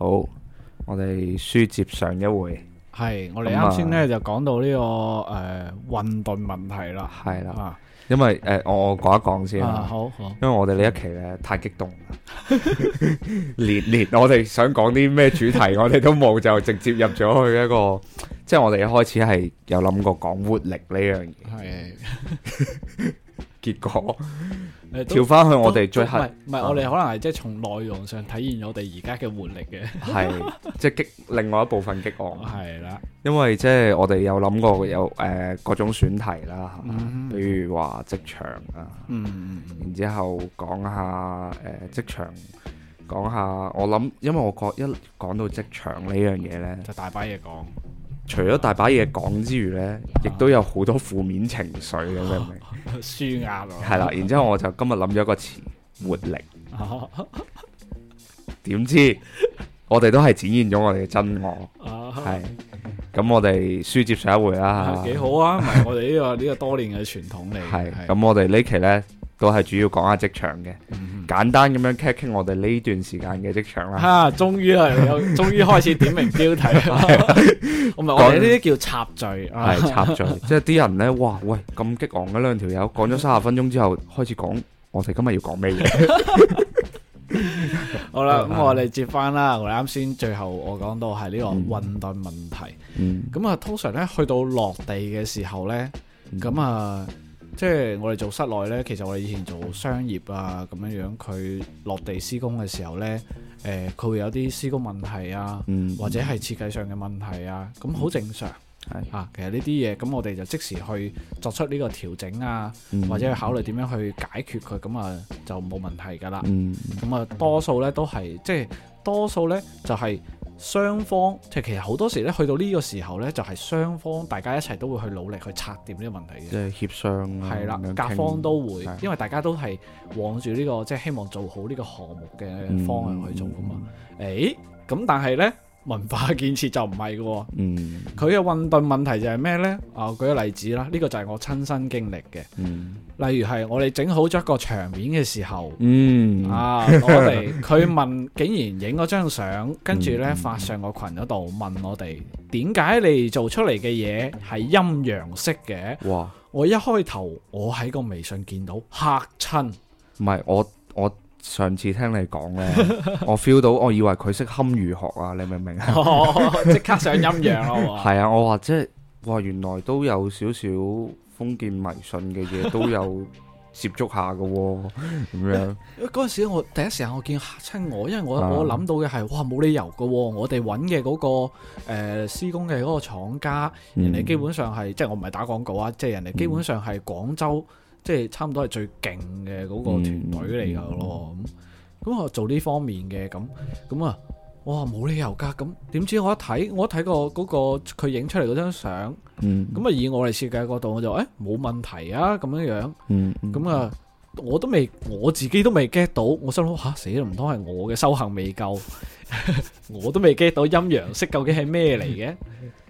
好，我哋書接上一回。係，我哋啱先咧就講到呢，這個誒混，呃、沌問題啦。係啦的，啊、因為誒、呃、我講一講先。啊好，好因為我哋呢一期咧，嗯、太激動啦， 連連我哋想講啲咩主題 我哋都冇，就直接入咗去一個，即、就、係、是，我哋一開始係有諗過講活力呢樣嘢。係。 結果，調翻去我哋最後，唔係我哋可能係即係從內容上體現我哋而家嘅活力嘅，係即係激另外一部分激昂，係啦。因為即係我哋有諗過有誒各種選題啦，比如話職場啊，嗯，然之後講下誒職場，講下我諗，因為我覺一講到職場呢樣嘢咧，就大把嘢講。除咗大把嘢講之餘咧，亦都有好多負面情緒嘅，明唔明？輸硬係、啊、啦， 然之後我就今日諗咗個詞活力，點 知我哋都係展現咗我哋嘅真 我，係咁我哋書接上一回啦，幾 好啊，唔係我哋呢、這個呢 個多年嘅傳統嚟，係咁我哋呢期咧，都係主要講下職場嘅，簡單咁樣傾一傾我哋呢段時間嘅職場啦。啊，終於係有，終於開始點名標題。我唔係我哋呢啲叫插敘，係插敘，即係啲人呢，哇，喂，咁激昂嗰兩條友講咗三十分鐘之後，開始講我哋今日要講咩嘢。好啦，咁我哋接翻啦，我哋啱先最後我講到係呢個運動問題。咁啊，通常呢，去到落地嘅時候呢。咁啊。即係我哋做室內呢，其實我哋以前做商業啊咁樣樣，佢落地施工嘅時候呢，誒、呃、佢會有啲施工問題啊，嗯、或者係設計上嘅問題啊，咁好正常。係是啊，其實呢啲嘢，咁我哋就即時去作出呢個調整啊，嗯、或者去考慮點樣去解決佢，咁啊就冇問題噶啦。咁啊、嗯，嗯、多數呢都係即係，多數呢就係、是。雙方即係其實好多時咧，去到呢個時候咧，就係、是、雙方大家一齊都會去努力去拆掂呢啲問題嘅，即係協商、啊。係啦的，甲方都會，的因為大家都係往住呢個即係、就是、希望做好呢個項目嘅方向去做㗎嘛。誒、嗯，咁、嗯欸、但係咧。文化建設就唔係嘅，嗯，佢嘅混沌問題就係咩呢？啊，舉個例子啦，呢、這個就係我親身經歷嘅，嗯、例如係我哋整好咗一個場面嘅時候，嗯，啊，我哋佢 問，竟然影咗張相，跟住呢，發上個群嗰度問我哋，點解、嗯、你做出嚟嘅嘢係陰陽色嘅？哇！我一開頭我喺個微信見到吓親，唔係我我。我我上次聽你講呢， 我 feel 到，我以為佢識堪輿學啊，你明唔明啊？即 刻上陰陽係嘛？ 係啊，我話即係哇，原來都有少少封建迷信嘅嘢， 都有接觸下嘅喎、哦，咁樣。因為嗰陣時我第一時間我見親、啊、我，因為我、啊、我諗到嘅係哇，冇理由嘅、哦，我哋揾嘅嗰個施、呃、工嘅嗰個廠家，嗯、人哋基本上係即係我唔係打廣告啊，即、就、係、是、人哋基本上係、嗯、廣州。即係差唔多係最勁嘅嗰個團隊嚟噶咯，咁咁、嗯嗯嗯、我做呢方面嘅咁咁啊，哇冇理由噶，咁點知我一睇，我一睇、過個嗰個佢影出嚟嗰張相，咁啊、嗯、以我哋設計角度，我就誒冇、欸、問題啊咁樣樣，咁啊、嗯嗯、我都未我自己都未 get 到，我心諗吓死啦，唔通係我嘅修行未夠， 我都未 get 到陰陽色究竟係咩嚟嘅？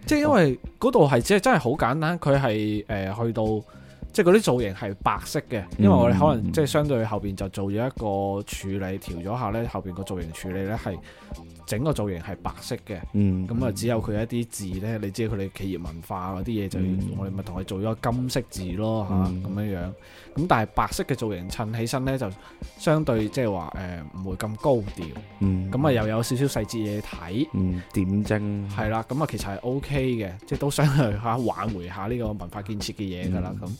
即係因為嗰度係即係真係好簡單，佢係誒去到。即係嗰啲造型係白色嘅，因為我哋可能即係相對後邊就做咗一個處理，調咗下咧，後邊個造型處理咧係。整個造型係白色嘅，咁啊、嗯、只有佢一啲字呢，你知佢哋企業文化嗰啲嘢就、嗯、我哋咪同佢做咗金色字咯嚇，咁、嗯、樣樣。咁但係白色嘅造型襯起身呢，就相對即係話誒唔會咁高調，咁啊、嗯、又有少少細節嘢睇點睛。係啦，咁啊其實係 O K 嘅，即係都想去嚇挽回下呢個文化建設嘅嘢噶啦咁。咁、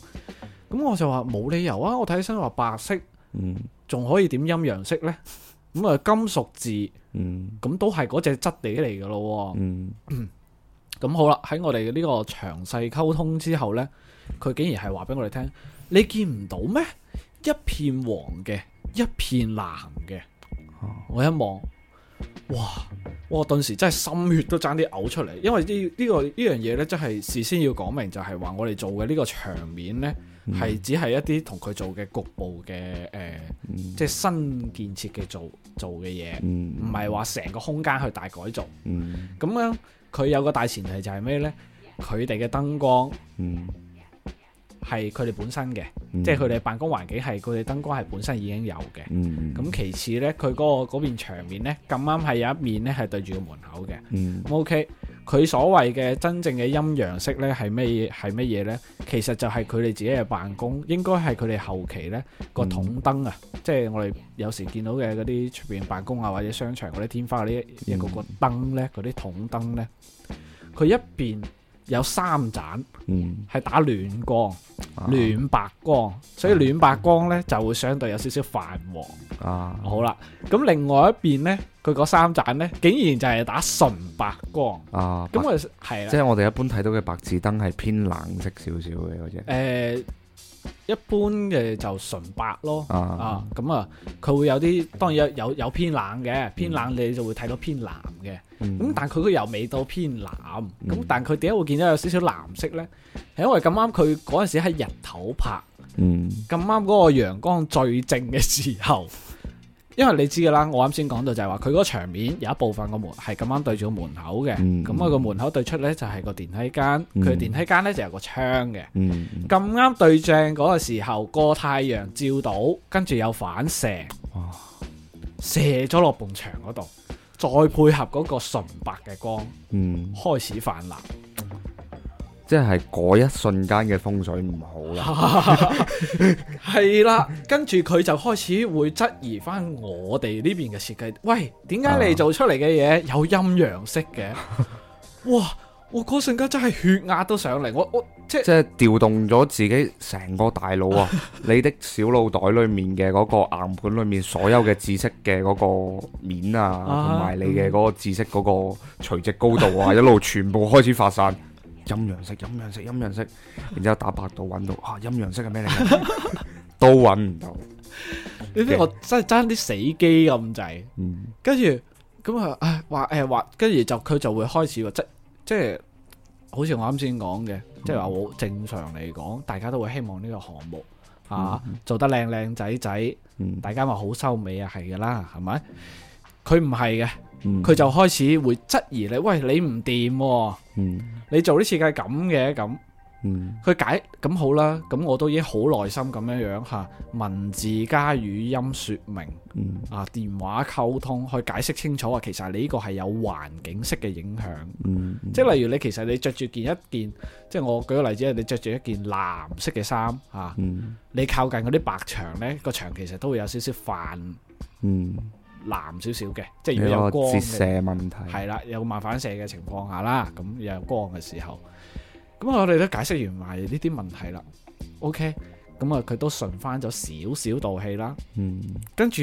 嗯、我就話冇理由啊，我睇起身話白色，嗯，仲可以點陰陽色呢？咁啊，金屬字，咁、嗯、都係嗰隻質地嚟噶咯。咁、嗯、 好啦，喺我哋嘅呢個詳細溝通之後呢，佢竟然係話俾我哋聽，你見唔到咩？一片黃嘅，一片藍嘅。我一望，哇！我頓時真係心血都爭啲嘔出嚟，因為呢、這、呢個呢樣嘢咧，這個這個、真係事先要講明，就係話我哋做嘅呢個場面呢。係、mm hmm. 只係一啲同佢做嘅局部嘅誒，呃 mm hmm. 即係新建設嘅做做嘅嘢，唔係話成個空間去大改造。咁樣、mm，佢、hmm. 有個大前提就係咩呢？佢哋嘅燈光係佢哋本身嘅，mm hmm. 即係佢哋辦公環境係佢哋燈光係本身已經有嘅。咁、mm hmm. 其次呢，佢嗰、嗰個嗰邊牆面呢，咁啱係有一面呢係對住個門口嘅。O K、mm。Hmm. Okay, 佢所謂嘅真正嘅陰陽色呢係咩嘢？係咩嘢呢？其實就係佢哋自己嘅辦公，應該係佢哋後期呢個筒燈啊，嗯、即係我哋有時見到嘅嗰啲出邊辦公啊，或者商場嗰啲天花嗰啲一個個個燈呢，嗰啲筒燈呢，佢一邊，有三盞，係、嗯、打暖光、暖白光，啊、所以暖白光呢、嗯、就會相對有少少泛黃。啊、好啦，咁另外一邊呢，佢嗰三盞呢竟然就係打純白光。咁啊，係啦，即係我哋一般睇到嘅白熾燈係偏冷色少少嘅嗰隻。嗯呃一般嘅就純白咯，啊咁啊，佢、啊啊、會有啲，當然有有偏冷嘅，嗯、偏冷你就會睇到偏藍嘅，咁、嗯、但係佢都由未到偏藍，咁、嗯、但係佢點解會見到有少少藍色呢？係因為咁啱佢嗰陣時喺日頭拍，咁啱嗰個陽光最正嘅時候。因為你知噶啦，我啱先講到就係話佢嗰個牆面有一部分個門係咁啱對住個門口嘅，咁啊個門口對出呢，就係、是、個電梯間，佢電梯間呢，就有個窗嘅，咁啱、嗯、對正嗰個時候，個太陽照到，跟住有反射，哇射咗落埲牆嗰度，再配合嗰個純白嘅光，嗯、開始泛濫。即係嗰一瞬間嘅風水唔好啦，係啦，跟住佢就開始會質疑翻我哋呢邊嘅設計。喂，點解你做出嚟嘅嘢有陰陽色嘅？ 哇！我嗰瞬間真係血壓都上嚟，我我即即係調動咗自己成個大腦啊！ 你的小腦袋裏面嘅嗰個硬盤裏面所有嘅知識嘅嗰個面啊，同埋 你嘅嗰個知識嗰個垂直高度啊，一路全部開始發散。陰陽式，陰陽式，陰陽式，然之後打百度揾到啊，陰陽式係咩嚟？ 都揾唔到。呢啲我真係爭啲死機咁滯，跟住咁啊，話誒話，跟住、哎哎、就佢就會開始即即係，好似我啱先講嘅，嗯、即係話好正常嚟講，大家都會希望呢個項目、嗯、啊做得靚靚仔仔，嗯、大家話好收尾啊，係噶啦，係咪？佢唔係嘅。佢、嗯、就開始會質疑你，喂，你唔掂、啊，嗯、你做啲設計咁嘅咁，佢、嗯、解咁好啦，咁我都已經好耐心咁樣樣嚇、啊、文字加語音説明，嗯、啊電話溝通去解釋清楚啊，其實你呢個係有環境式嘅影響，嗯嗯、即係例如你其實你着住件一件，即係我舉個例子你着住一件藍色嘅衫嚇，啊嗯嗯、你靠近嗰啲白牆呢，個牆其實都會有少少泛，嗯藍少少嘅，即係如果有光射問題，係啦，有漫反射嘅情況下啦，咁又有光嘅時候，咁我哋都解釋完埋呢啲問題啦。OK，咁啊，佢都順翻咗少少道氣啦。嗯，跟住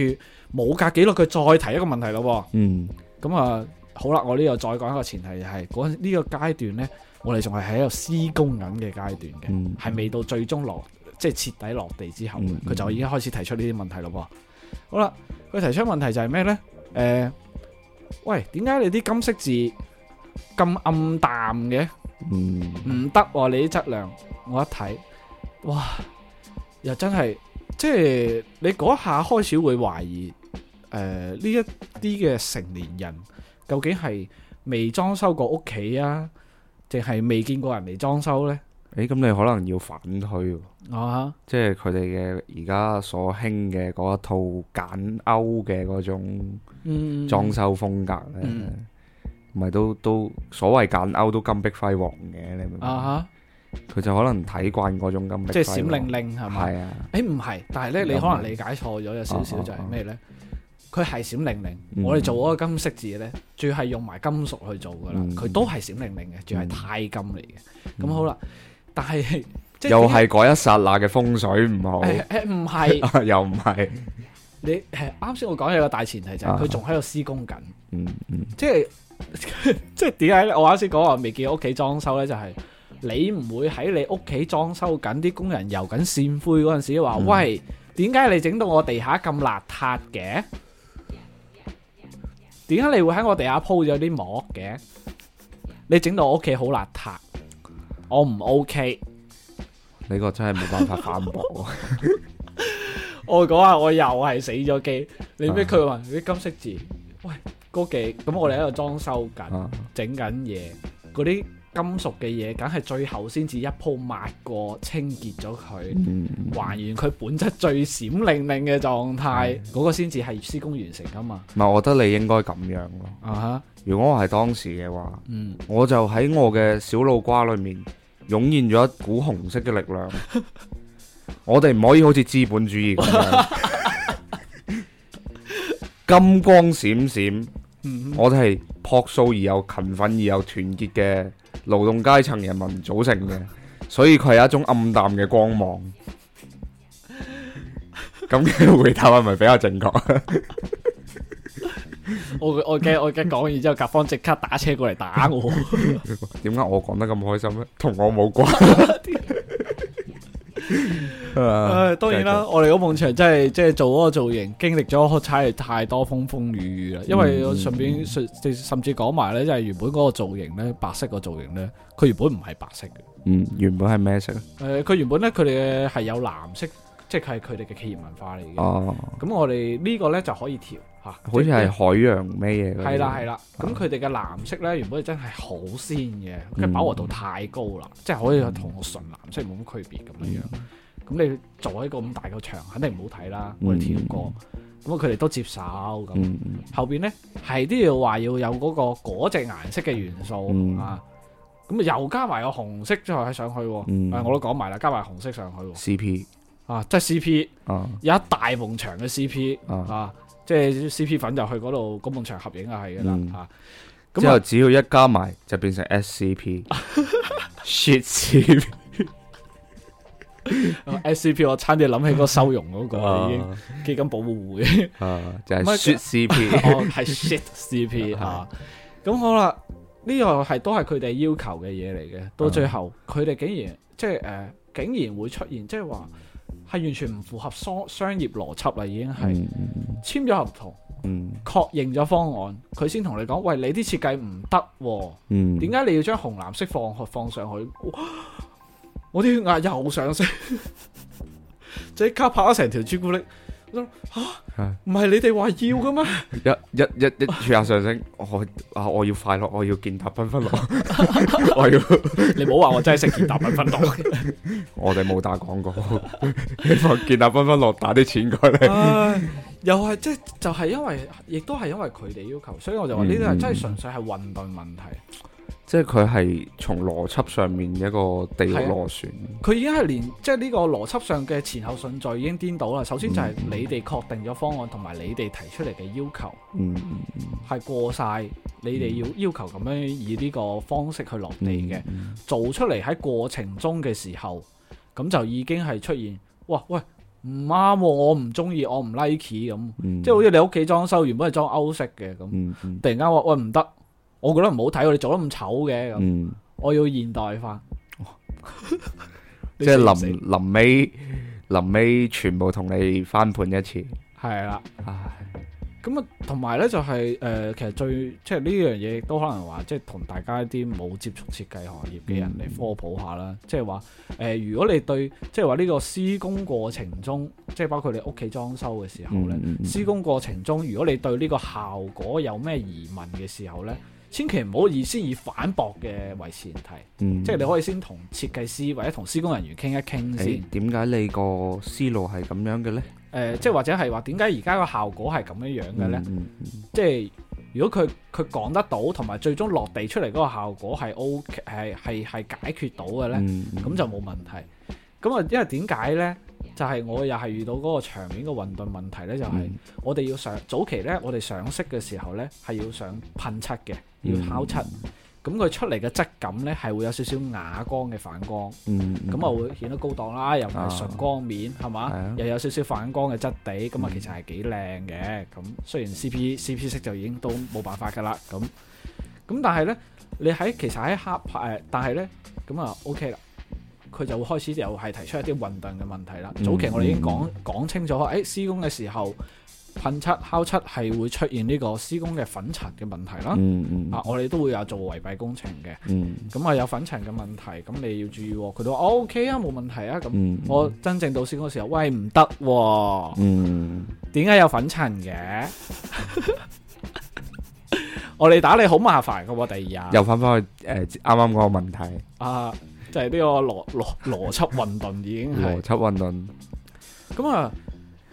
冇隔幾耐，佢再提一個問題咯。嗯，咁啊，好啦，我呢度再講一個前提就係、是，嗰、這個、呢個階段咧，我哋仲係喺度施工緊嘅階段嘅，係、嗯、未到最終落，即係徹底落地之後，佢、嗯、就已經開始提出呢啲問題咯。好啦。佢提出問題就係咩呢？誒，喂，點解你啲金色字咁暗淡嘅？唔唔得喎，你啲質量我一睇，哇，又真係即係你嗰下開始會懷疑誒呢一啲嘅成年人究竟係未裝修過屋企啊，定係未見過人嚟裝修呢？誒，咁你可能要反推，即係佢哋嘅而家所興嘅嗰一套簡歐嘅嗰種裝修風格咧，唔係都都所謂簡歐都金碧輝煌嘅，你明唔明啊？吓，佢就可能睇慣嗰種金碧，即係閃令令係咪？係啊。誒，唔係，但係咧，你可能理解錯咗有少少，就係咩咧？佢係閃令令，我哋做嗰個金色字咧，主要係用埋金屬去做噶啦，佢都係閃令令嘅，主要係鈦金嚟嘅。咁好啦。但係，又係嗰一剎那嘅風水唔好。誒唔係，又唔係。你誒啱先我講有個大前提就係佢仲喺度施工緊。嗯嗯。即係即係點解咧？我啱先講話未見屋企裝修咧，就係你唔會喺你屋企裝修緊，啲工人油緊扇灰嗰陣時話：「喂，點解你整到我地下咁邋遢嘅？點解你會喺我地下鋪咗啲膜嘅？你整到我屋企好邋遢。我唔 OK，呢個真係冇辦法反駁。我講下，我又係死咗機。你咩佢話啲金色字？喂，嗰幾咁我哋喺度裝修緊，整緊嘢，嗰啲金屬嘅嘢，梗係最後先至一鋪抹過，清潔咗佢，還原佢本質最閃靈靈嘅狀態，嗰個先至係施工完成噶嘛？唔係，我覺得你應該咁樣咯。啊哈！如果我係當時嘅話，我就喺我嘅小腦瓜裏面。湧現咗一股紅色嘅力量， 我哋唔可以好似資本主義咁樣 金光閃閃。 我哋係樸素而又勤奮而又團結嘅勞動階層人民組成嘅，所以佢係一種暗淡嘅光芒。咁嘅 回答係咪比較正確？ 我我驚我驚講完之後，甲方即刻打車過嚟打我。點 解我講得咁開心咧？同我冇關。誒、 啊，當然啦， 我哋嗰夢場真係即係做嗰個造型，經歷咗差唔多太多風風雨雨啦。因為我順便甚至甚至講埋咧，即、就、係、是、原本嗰個造型咧，白色個造型咧，佢原本唔係白色嘅。嗯，原本係咩色？誒、呃，佢原本咧，佢哋係有藍色，即係佢係佢哋嘅企業文化嚟嘅。哦，咁我哋呢個咧就可以調。好似係海洋咩嘢？係啦係啦，咁佢哋嘅藍色咧，原本真係好鮮嘅，即係飽和度太高啦，即係可以同純藍色冇乜區別咁樣樣。咁你做一個咁大個牆，肯定唔好睇啦，我哋跳過。咁佢哋都接受。咁後邊咧係都要話要有嗰個嗰隻顏色嘅元素啊。咁啊，又加埋個紅色之後喺上去。啊，我都講埋啦，加埋紅色上去。C P 啊，即係 C P 啊，有一大埲牆嘅 C P 啊。即係 C P 粉就去嗰度公共場合影、嗯、啊，係噶啦嚇！咁就只要一加埋就變成 S C P、那個。shit C P。S C P 我差啲諗起嗰收容嗰個，已經基金保護會啊，就係、是、shit C P，係 shit C P 嚇。咁好啦，呢、這個係都係佢哋要求嘅嘢嚟嘅。到最後佢哋、啊、竟然即係誒、呃，竟然會出現即係話。係完全唔符合商商業邏輯喇，已經係的簽咗合同，嗯、確認咗方案，佢先同你講：喂，你啲設計唔得喎，點解、嗯、你要將紅藍色放去放上去？我啲血壓又上升，即 刻拍咗成條朱古力。」吓，唔係、啊、你哋話要噶咩？一、一、一、一，撮下上升，我啊，我要快樂，我要健達繽紛樂，你唔好話我真係食健達繽紛樂，我哋冇打廣告，你 份健達繽紛樂打啲錢過嚟、 啊，又係即係，就係、是、因為，亦都係因為佢哋要求，所以我就話呢啲係真係純粹係混頓問題。嗯嗯即係佢係從邏輯上面一個地獄螺旋，佢、啊、已經係連即係呢個邏輯上嘅前後順序已經顛倒啦。首先就係你哋確定咗方案同埋你哋提出嚟嘅要求，係、mm hmm. 過晒你哋要要求咁樣以呢個方式去落地嘅，mm hmm. 做出嚟喺過程中嘅時候，咁就已經係出現，哇喂唔啱喎，我唔鍾意，我唔 like 咁，mm hmm. 即係好似你屋企裝修原本係裝歐式嘅咁，突然間話喂唔得。我覺得唔好睇，我哋做得咁醜嘅，咁我要現代化，即係臨臨尾臨尾、尾全部同你翻盤一次。係啦了，唉，咁啊，同埋呢就係、是、誒、呃，其實最即係呢樣嘢，亦都可能話即係同大家一啲冇接觸設計行業嘅人嚟科普下啦。即係話誒，如果你對即係話呢個施工過程中，即係包括你屋企裝修嘅時候呢，施工過程中，嗯嗯、如果你對呢個效果有咩疑問嘅時候呢。千祈唔好意先以反駁嘅為前提，嗯、即係你可以先同設計師或者同施工人員傾一傾先。點解、哎、你個思路係咁樣嘅咧？誒、呃，即係或者係話點解而家個效果係咁樣樣嘅咧？嗯嗯、即係如果佢佢講得到，同埋最終落地出嚟嗰個效果係 OK，係係係解決到嘅咧，咁、嗯嗯、就冇問題。咁啊，因為點解咧？就係我又係遇到嗰個場面嘅混沌問題呢就係、是、我哋要上、嗯、早期呢我哋上色嘅時候呢，係要上噴漆嘅，要烤漆。咁佢、嗯、出嚟嘅質感呢，係會有少少啞光嘅反光。咁啊、嗯、會顯得高檔啦，又唔係純光面，係嘛？又有少少反光嘅質地，咁啊其實係幾靚嘅。咁雖然 CPCP 色、嗯、CP 就已經都冇辦法㗎啦。咁咁但係呢，你喺其實喺黑誒，但係呢，咁啊 OK 啦。佢就會開始又係提出一啲混濁嘅問題啦。嗯、早期我哋已經講講清楚，誒、哎、施工嘅時候噴漆、烤漆係會出現呢個施工嘅粉塵嘅問題啦。啊，我哋都會有做圍蔽工程嘅。咁啊，有粉塵嘅問題，咁你要注意。佢都話 O K 啊，冇問題啊。咁我真正到施工嗰時候，喂，唔得。點解、啊嗯、有粉塵嘅？ 我哋打你好麻煩嘅喎、啊。第二日又翻返去誒，啱啱嗰個問題、呃、啊。就係呢個邏邏邏輯混沌，已經係邏輯混沌咁啊，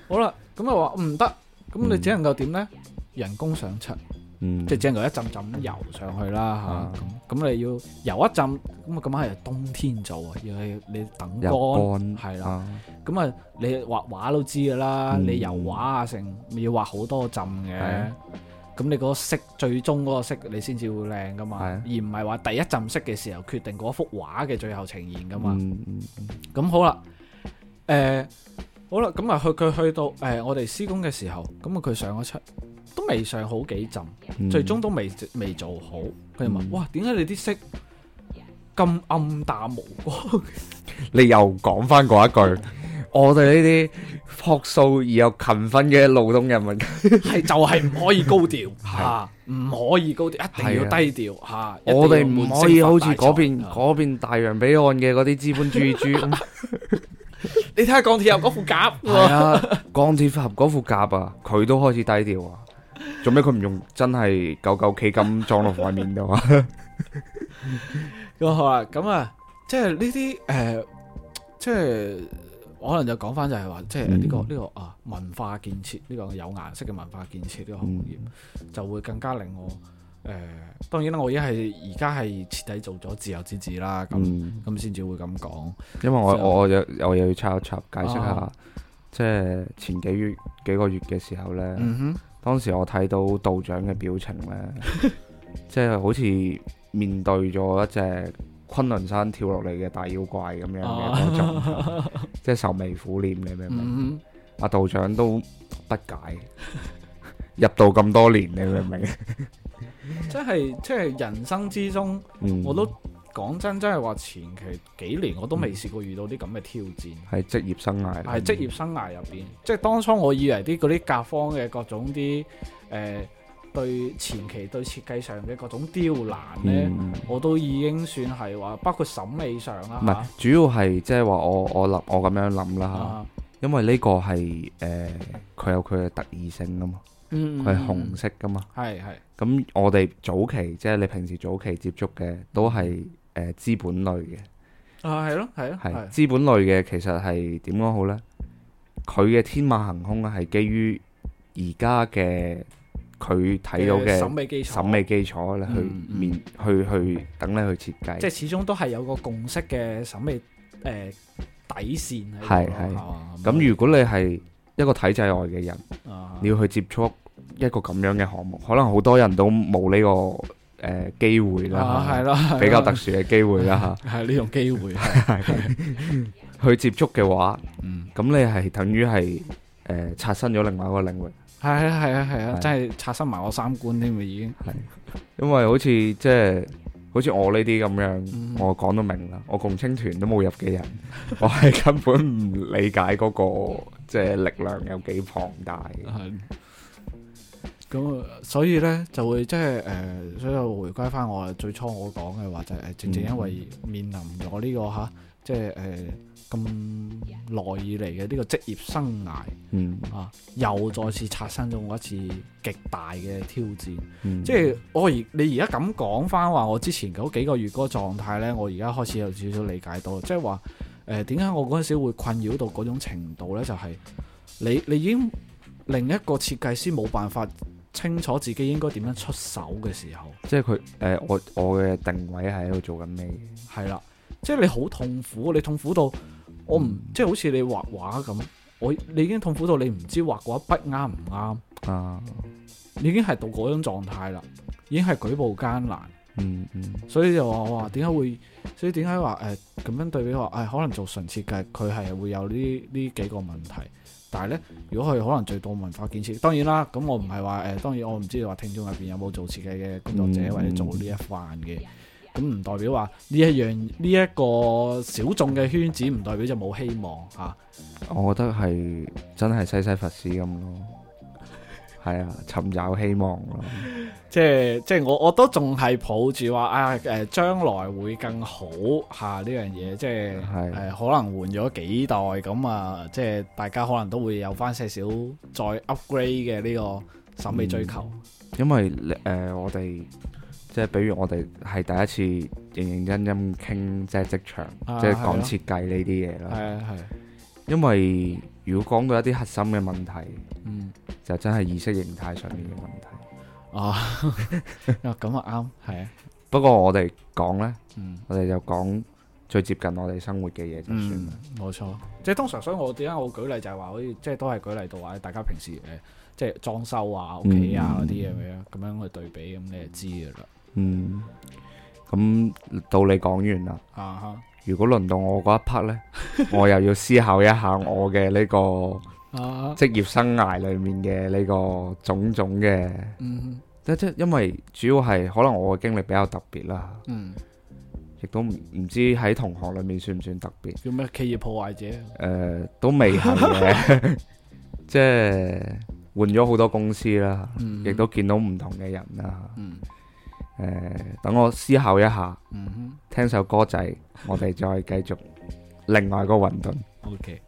好啦，咁啊話唔得，咁你只能夠點咧？人工上漆，即係只能夠一浸浸咁油上去啦嚇。咁咁你要油一浸咁啊，梗係冬天做啊，要你你等乾係啦。咁啊，你畫畫都知噶啦，你油畫啊，成要畫好多浸嘅。咁你嗰個色最終嗰個色，你先至會靚噶嘛？而唔係話第一浸色嘅時候決定嗰幅畫嘅最後呈現噶嘛？咁好啦，誒，好啦，咁啊去佢去到誒，我哋施工嘅時候，咁啊佢上咗出都未上好幾浸，最終都未未做好。佢就問：哇，點解你啲色咁暗淡無光？你又講翻嗰一句。我哋呢啲樸素而又勤奮嘅勞動人民，係就係唔可以高調吓，唔可以高調，一定要低調吓。我哋唔可以好似嗰邊嗰邊大洋彼岸嘅嗰啲資本主義豬。你睇下鋼鐵俠嗰副甲，係啊，鋼鐵俠嗰副甲啊，佢都開始低調啊。做咩佢唔用真係九九企咁撞落塊面度啊？咁啊，咁啊，即係呢啲誒，即係。可能就講返就係話、這個，即係呢個呢個啊文化建設呢、呢個有顏色嘅文化建設呢、呢個行業，嗯、就會更加令我誒、呃。當然啦，我已經係而家係徹底做咗自由之子啦，咁咁先至會咁講。因為我以我有我又要插一插解釋下，即係、啊、前幾月幾個月嘅時候呢，嗯、哼當時我睇到道長嘅表情呢，即係 好似面對咗一隻昆崙山跳落嚟嘅大妖怪咁樣嘅嗰，即係愁眉苦臉，你明唔明？阿、嗯啊、道長都不解， 入道咁多年你明唔明？即係即係人生之中，嗯、我都講真，真係話前期幾年我都未試過遇到啲咁嘅挑戰。係職、嗯、業生涯，係職業生涯入邊，白即係當初我以為啲嗰啲甲方嘅各種啲誒。呃對前期對設計上嘅各種刁難呢，嗯、我都已經算係話，包括審美上啦，唔係主要係即係話我我諗我咁樣諗啦、啊、因為呢個係誒佢有佢嘅特異性㗎嘛，佢係、嗯、紅色噶嘛，係係，咁我哋早期即係、就是、你平時早期接觸嘅都係誒、呃、資本類嘅啊，係咯係咯係資本類嘅，其實係點講好呢？佢嘅天馬行空係基於而家嘅。佢睇到嘅審美基礎，審美基礎你去面去去等你去設計。即係始終都係有個共識嘅審美誒底線。係係。咁如果你係一個體制外嘅人，你要去接觸一個咁樣嘅項目，可能好多人都冇呢個誒機會啦。係咯，比較特殊嘅機會啦嚇。係呢種機會，係係，去接觸嘅話，咁你係等於係誒刷新咗另外一個領域。係啊係啊係啊！啊啊真係刷新埋我三觀添，咪已經。係、啊，因為好似即係，好似我呢啲咁樣，嗯、我講都明啦。我共青團都冇入嘅人， 我係根本唔理解嗰、嗰個即係力量有幾龐大嘅。咁、啊、所以咧，就會即係誒，所以就回歸翻我最初我講嘅話就係、係，正正因為面臨咗呢、呢個吓、嗯啊，即係。呃咁耐以嚟嘅呢個職業生涯，嗯啊，又再次刷新咗我一次極大嘅挑戰。嗯、即係我而你而家咁講翻話，我之前嗰幾個月嗰個狀態呢，我而家開始有少少理解到，即係話誒，呃、點解我嗰陣時會困擾到嗰種程度呢？就係、是、你你已經另一個設計師冇辦法清楚自己應該點樣出手嘅時候，即係佢誒，我我嘅定位係喺度做緊咩？係啦、嗯，即係你好痛苦，你痛苦到。我唔即係好似你畫畫咁，我你已經痛苦到你唔知畫畫筆啱唔啱，啊你已，已經係到嗰種狀態啦，已經係舉步艱難，嗯嗯，嗯所以就話我話，點解會？所以點解話誒咁樣對比話，誒、呃、可能做純設計佢係會有呢呢幾個問題，但係呢，如果佢可能最多文化建設，當然啦，咁我唔係話誒，當然我唔知你話聽眾入邊有冇做設計嘅工作者或者做呢一範嘅。嗯嗯。咁唔代表話、啊、呢一樣呢一個小眾嘅圈子，唔代表就冇希望啊！我覺得係真係西西佛斯咁咯，係 啊，尋找希望咯。即係即係我我都仲係抱住話啊，誒、呃，將來會更好吓呢樣嘢，即係誒，可能換咗幾代咁啊，即、嗯、係大家可能都會有翻些少再 upgrade 嘅呢個審美追求。嗯、因為誒、呃，我哋。即係比如我哋係第一次認認真真傾，即係職場，啊、即係講設計呢啲嘢啦。係啊係，因為如果講到一啲核心嘅問題，嗯，就真係意識形態上面嘅問題。哦，啊咁啊啱，係啊。 啊不過我哋講咧，嗯、我哋就講最接近我哋生活嘅嘢就算啦。冇、嗯、錯，即係通常，所以我點解我舉例就係話，好似即係都係舉例到話，大家平時誒，即、就、係、係、裝修啊、屋企啊嗰啲嘢咁樣去對比，咁你就知噶啦。嗯，咁到你講完啦。Uh huh. 如果輪到我嗰一 part 呢， 我又要思考一下我嘅呢個職業生涯裏面嘅呢個種種嘅。即即、uh huh. 因為主要係可能我嘅經歷比較特別啦。嗯、uh，亦、huh. 都唔知喺同學裏面算唔算特別。叫咩企業破壞者？誒、呃，都未行嘅，即係換咗好多公司啦，亦、uh huh. 都見到唔同嘅人啦。Uh huh. 呃，等我思考一下，mm hmm. 聽首歌仔，我哋再繼續另外一個混沌。 okay.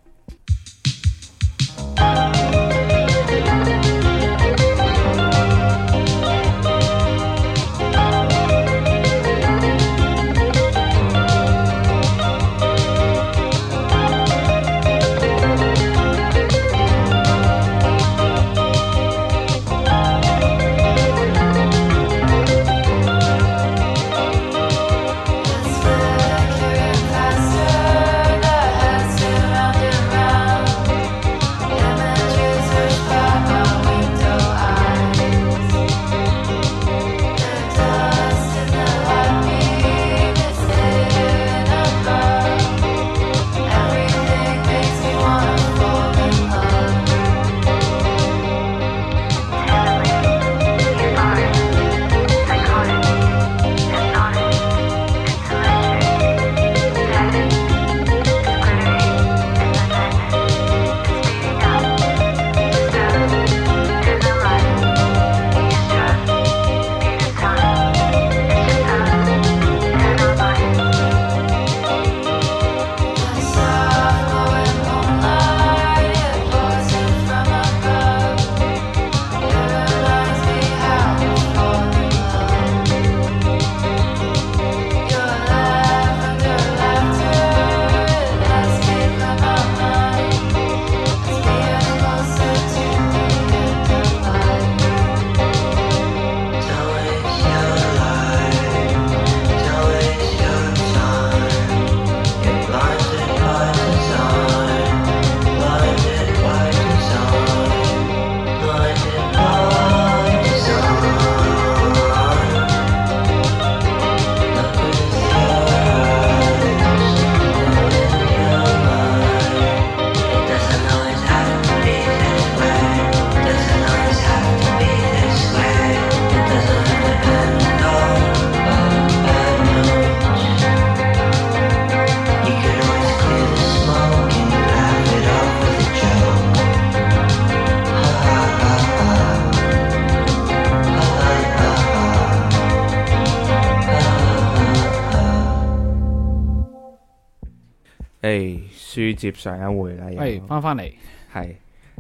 誒，書接上一回啦。誒，翻翻嚟，係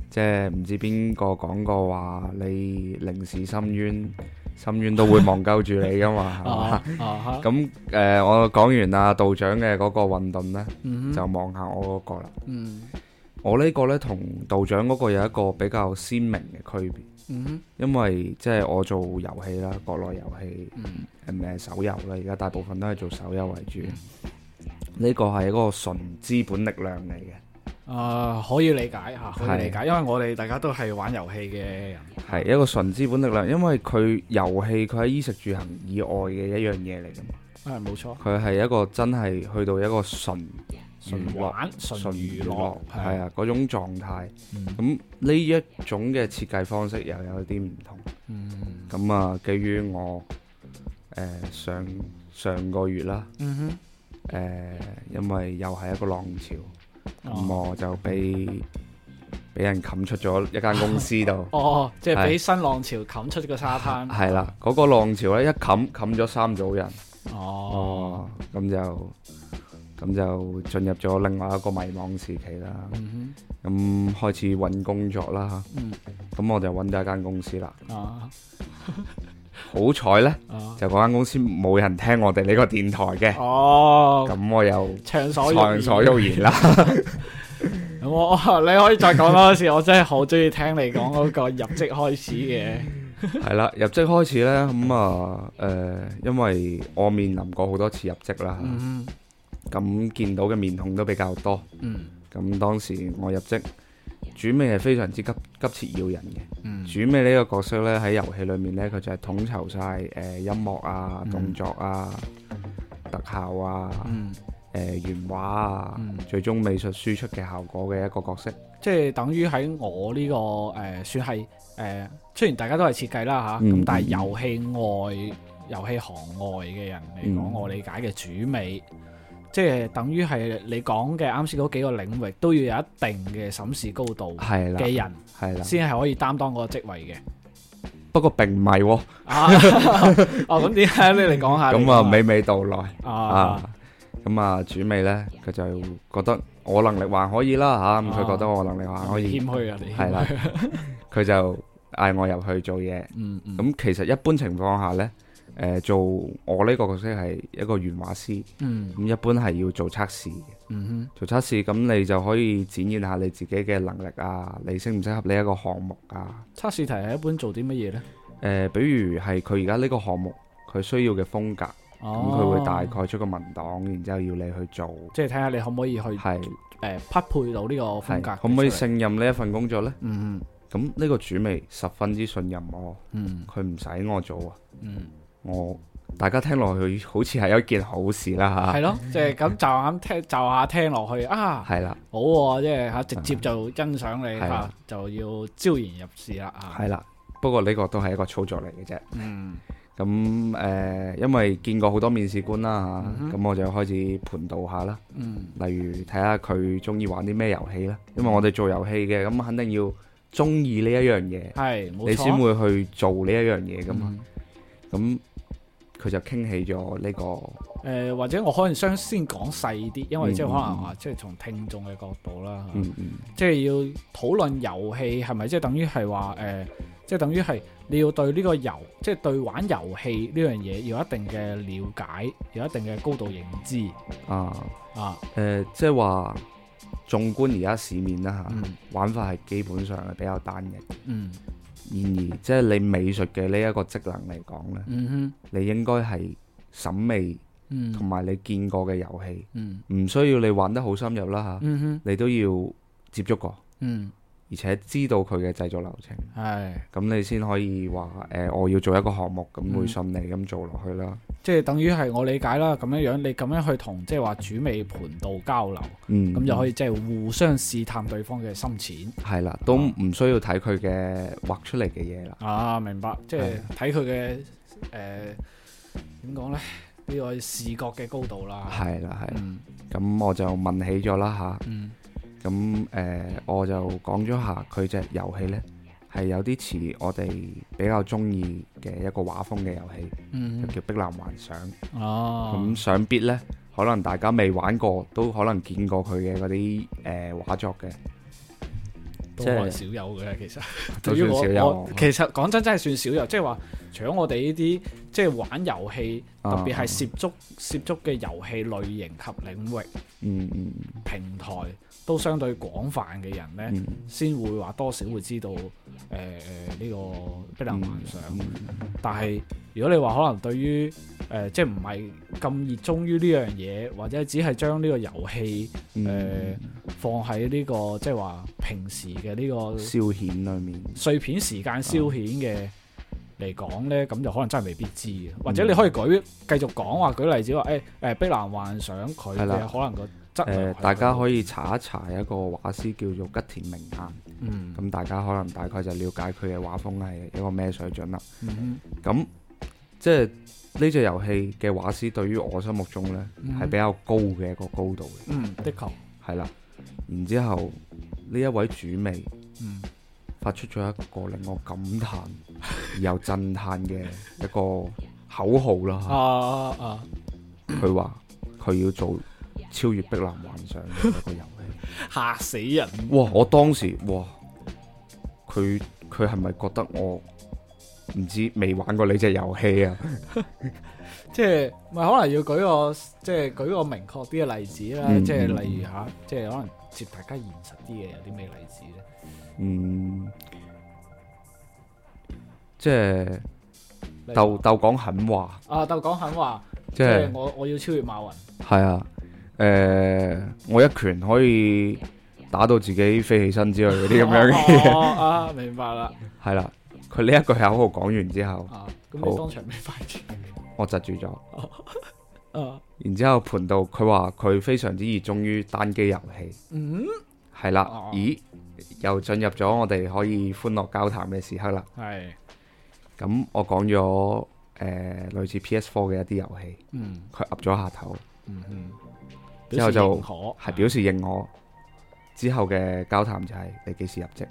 即係唔知邊個講過話，你凝視深淵，深淵都會望鳩住你噶嘛？啊啊！咁誒，我講完阿道長嘅嗰個運動呢，就望下我嗰個啦。嗯，我呢個呢，同道長嗰個有一個比較鮮明嘅區別。因為即係我做遊戲啦，國內遊戲係咪，手遊啦，而家大部分都係做手遊為主。呢個係一個純資本力量嚟嘅，誒，可以理解吓，可以理解，因為我哋大家都係玩遊戲嘅人，係一個純資本力量，因為佢遊戲佢喺衣食住行以外嘅一樣嘢嚟嘅嘛，係冇錯，佢係一個真係去到一個純純玩，純娛樂係啊，嗰種狀態，咁呢一種嘅設計方式又有啲唔同，咁啊，基於我誒上上個月啦。誒、呃，因為又係一個浪潮，咁、哦、我就被俾人冚出咗一間公司度。 哦，即係俾新浪潮冚出個沙灘。係啦，嗰、那個浪潮咧一冚冚咗三組人。哦，咁、哦、就咁就進入咗另外一個迷茫時期啦。咁、嗯、哼開始揾工作啦咁、嗯、我就揾咗一間公司啦。哦 好彩呢，就嗰間公司冇人聽我哋呢個電台嘅，哦，咁我又暢所欲言啦。你可以再講多一次，我真係好中意聽你講嗰個入職開始嘅。係啦，入職開始呢，咁啊，誒，因為我面臨過好多次入職啦，咁見到嘅面孔都比較多，咁當時我入職。主美係非常之急急切要人嘅，嗯、主美呢個角色呢，喺遊戲裏面呢，佢就係統籌晒誒、呃、音樂啊、嗯、動作啊、嗯、特效啊、嗯呃、原畫啊，嗯、最終美術輸出嘅效果嘅一個角色。即係等於喺我呢、呢個誒、呃、算係誒、呃，雖然大家都係設計啦嚇，咁、嗯嗯、但係遊戲外、遊戲行外嘅人嚟講，我理解嘅主美。嗯即係等於係你講嘅啱先嗰幾個領域，都要有一定嘅審視高度嘅人，係啦，先係可以擔當嗰個職位嘅。不過並唔係喎。哦，咁點解你嚟講下？咁啊，娓娓道來啊，咁啊，主美咧，佢就覺得我能力還可以啦嚇，咁佢覺得我能力還可以。謙虛啊你！係啦，佢就嗌我入去做嘢。嗯嗯。咁其實一般情況下咧。誒做我呢個角色係一個原畫師，咁一般係要做測試，做測試咁你就可以展現下你自己嘅能力啊，你適唔適合呢一個項目啊？測試題係一般做啲乜嘢呢？誒，比如係佢而家呢個項目佢需要嘅風格，咁佢會大概出個文檔，然之後要你去做，即係睇下你可唔可以去匹配到呢個風格，可唔可以勝任呢一份工作咧？咁呢個主美十分之信任我，佢唔使我做啊。我大家聽落去好似係一件好事啦，吓，係咯，即係咁就咁聽，就下聽落去啊，係啦，好即係吓直接就欣賞你吓，就要招賢入市啦，係啦，不過呢個都係一個操作嚟嘅啫。嗯，咁誒，因為見過好多面試官啦吓，咁我就開始盤導下啦，嗯，例如睇下佢中意玩啲咩遊戲啦，因為我哋做遊戲嘅，咁肯定要中意呢一樣嘢，係，你先會去做呢一樣嘢噶嘛，咁。佢就傾起咗呢、這個誒、呃，或者我可能想先講細啲，因為即係可能話、嗯嗯啊，即係從聽眾嘅角度啦，啊嗯嗯、即係要討論遊戲係咪，即係等於係話誒，即係等於係你要對呢個遊戲，即係對玩遊戲呢樣嘢要有一定嘅了解，要有一定嘅高度認知啊啊誒、呃，即係話縱觀而家市面啦嚇，啊嗯、玩法係基本上係比較單一。嗯。然而，即係你美術嘅呢一個職能嚟講咧，嗯、哼你應該係審美，同埋你見過嘅遊戲，嗯、唔需要你玩得好深入啦嚇，嗯、哼你都要接觸過，嗯、而且知道佢嘅製作流程，咁的你先可以話誒、呃，我要做一個項目，咁會順利咁做落去啦。嗯。即係等於係我理解啦，咁樣樣你咁樣去同即係話主美盤道交流，嗯，咁就可以即係互相試探對方嘅深淺。係啦，都唔需要睇佢嘅畫出嚟嘅嘢啦。啊，明白，即係睇佢嘅誒，點講咧？呃，呢個視覺嘅高度啦。係啦，係啦。咁我就問起咗啦吓，嗯。嗯，咁誒我就講咗下佢隻遊戲咧。係有啲似我哋比較中意嘅一個畫風嘅遊戲，就叫《碧藍幻想》。哦，咁想必呢，可能大家未玩過，都可能見過佢嘅嗰啲誒畫作嘅，都係少有嘅。其實就算少有，其實講真真係算少有。即係話，除咗我哋呢啲即係玩遊戲，特別係涉足涉足嘅遊戲類型及領域，嗯嗯，平台，都相對廣泛嘅人呢，嗯、先會話多少會知道誒誒呢個《碧藍幻想》嗯，但係如果你話可能對於誒、呃、即係唔係咁熱衷於呢樣嘢，或者只係將呢個遊戲誒、呃嗯、放喺呢、個即係話平時嘅呢、個消遣裡面、碎片時間消遣嘅嚟講呢，咁、嗯、就可能真係未必知嘅。嗯、或者你可以舉繼續講話，舉例子話誒誒《碧藍、欸呃、幻想》，佢嘅可能、嗰個。嗯嗯呃、大家可以查一查一個畫師叫做吉田明彥，咁、嗯、大家可能大概就了解佢嘅畫風係一個咩水準啦。咁、嗯、哼即係呢隻遊戲嘅畫師對於我心目中呢係、嗯、哼比較高嘅一個高度嘅。嗯，的確係啦。然之後呢一位主美，嗯、發出咗一個令我感嘆又震嘆嘅一個口號啦、啊。啊佢話佢要做。超越碧藍幻想嘅一、那個遊戲， 嚇死人！哇！我當時哇，佢佢係咪覺得我唔知未玩過呢隻遊戲啊？ 即係咪可能要舉個即係舉個明確啲嘅例子啦。即係例如吓，即係可能接大家現實啲嘅，有啲咩例子咧？嗯，即係鬥鬥講狠話啊！鬥講狠話，即係我我要超越馬雲，係啊！誒、呃，我一拳可以打到自己飛起身之類嗰啲咁樣嘅嘢啊！明白啦，係啦， 佢呢一句口號講完之後，咁、啊、你當場咩反應？我窒住咗，哦啊、然之後盤到佢話佢非常之熱衷於單機遊戲，嗯，係啦了，啊、咦，又進入咗我哋可以歡樂交談嘅時刻啦，係是，咁我講咗誒、呃、類似 PS Four 嘅一啲遊戲，嗯，佢岌咗下頭，嗯嗯。嗯之後就係表示認可。之後嘅交談就係你幾時入職？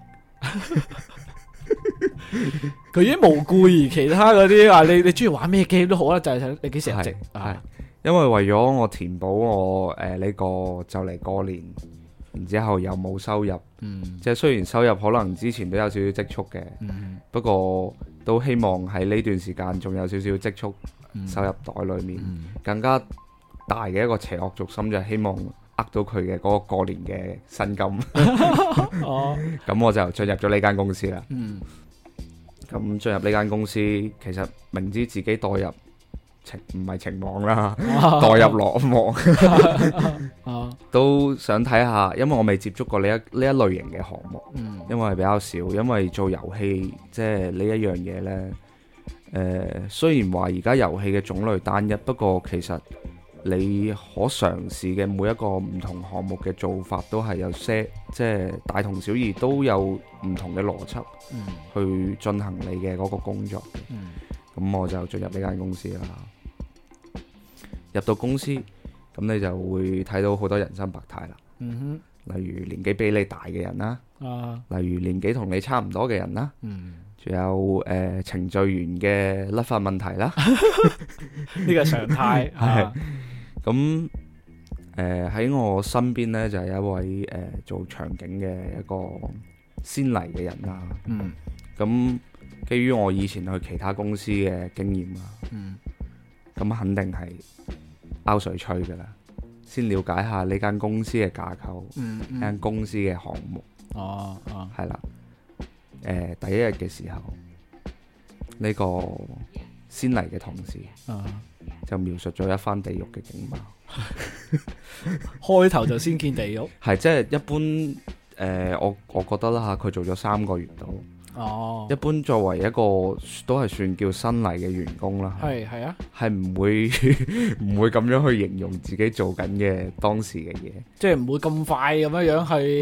佢已經無故而其他嗰啲，啊，你你中意玩咩 game 都好啦，就係想你幾時入職？係因為為咗我填補我誒，呢個就嚟過年，然之後又冇收入，即係雖然收入可能之前都有少少積蓄嘅，不過都希望喺呢段時間仲有少少積蓄收入袋裏面更加。大嘅一個邪惡軸心，就係希望呃到佢嘅嗰個過年嘅薪金。哦，咁我就進入咗呢間公司啦。嗯，咁進入呢間公司，其實明知自己代入情唔係情網啦，代入羅網，都想睇下，因為我未接觸過呢一呢一類型嘅項目，因為比較少，因為做遊戲即係呢一樣嘢呢。誒，雖然話而家遊戲嘅種類單一，不過其實。你可嘗試嘅每一個唔同項目嘅做法，都係有些即係、就是、大同小異，都有唔同嘅邏輯去進行你嘅嗰個工作。咁、嗯嗯、我就進入呢間公司啦。入到公司咁，你就會睇到好多人生百態啦。嗯、哼，例如年紀比你大嘅人啦、啊，啊、例如年紀同你差唔多嘅人啦、啊，仲、嗯、有誒、呃、程序員嘅甩發問題啦、啊，呢個 常態係。咁誒喺我身邊呢，就係、是、一位誒、呃、做場景嘅一個先嚟嘅人啦、啊。嗯。咁基於我以前去其他公司嘅經驗啊。咁、嗯、肯定係包水吹噶啦。先了解下呢間公司嘅架構。嗯、間、嗯、公司嘅項目哦。哦。啊。係、呃、啦。第一日嘅時候，呢、這個先嚟嘅同事。哦就描述咗一番地獄嘅景貌， 開頭就先見地獄 ，係即係一般誒、呃，我我覺得啦吓，佢做咗三個月到。哦，oh. 一般作為一個都係算叫新嚟嘅員工啦，係係啊，係唔不會唔 會咁樣去形容自己做緊嘅當時嘅嘢，即係唔會咁快咁樣樣去，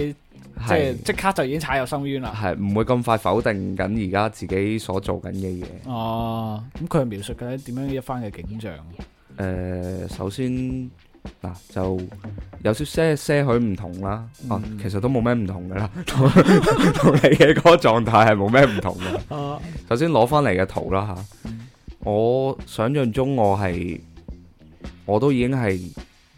是即係即刻就已經踩入深淵啦，係唔會咁快否定緊而家自己所做緊嘅嘢。哦、oh. 嗯，咁佢係描述緊點樣一番嘅景象？誒、呃，首先。嗱，就有少些些許唔同啦、嗯啊，其實都冇咩唔同噶啦， 你同你嘅嗰個狀態係冇咩唔同嘅。啊、首先攞翻嚟嘅圖啦吓，嗯、我想象中我係，我都已經係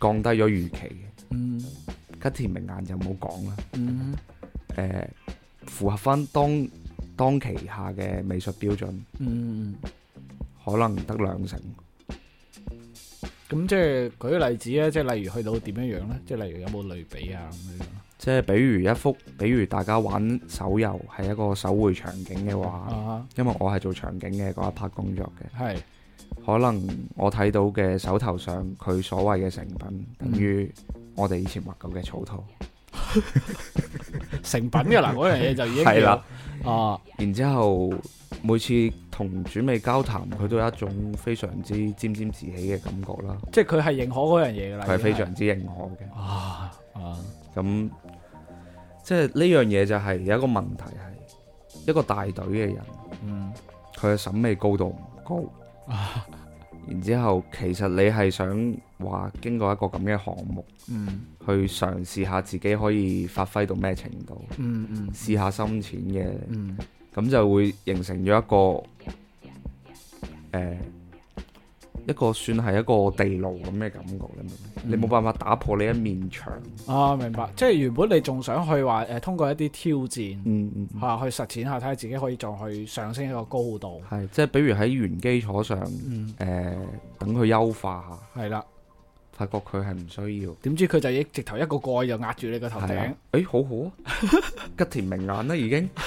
降低咗預期嘅。嗯、吉田明彥就冇講啦。符合翻當當旗下嘅美術標準。嗯嗯、可能得兩成。咁即係舉個例子咧，即係例如去到點樣樣呢？即係例如有冇類比啊咁樣。即係比如一幅，比如大家玩手遊係一個手繪場景嘅話，uh huh. 因為我係做場景嘅嗰一 part 工作嘅，係、uh huh. 可能我睇到嘅手頭上佢所謂嘅成品，等於我哋以前畫過嘅草圖，成品嘅啦，嗰樣嘢，就已經係啦，了啊， 然之後。每次同主美交談，佢都有一種非常之沾沾自喜嘅感覺啦。即係佢係認可嗰樣嘢噶啦，佢係非常之認可嘅、啊。啊啊，咁即係呢樣嘢就係有一個問題係一個大隊嘅人，嗯，佢嘅審美高度唔高。啊，然之後其實你係想話經過一個咁嘅項目，嗯，去嘗試下自己可以發揮到咩程度，嗯嗯，試下深淺嘅，嗯。咁就會形成咗一個誒、欸、一個算係一個地牢咁嘅感覺啦。你冇、嗯、辦法打破你一面牆。啊，明白。即係原本你仲想去話誒、呃，通過一啲挑戰，嗯嗯，嚇、嗯啊、去實踐下，睇下自己可以再去上升一個高度。係，即係比如喺原基礎上，誒等佢優化下。係啦、嗯，嗯、發覺佢係唔需要。點知佢就一直頭一個蓋就壓住你個頭頂。誒、啊欸，好好、啊、 吉田明眼啦，已經。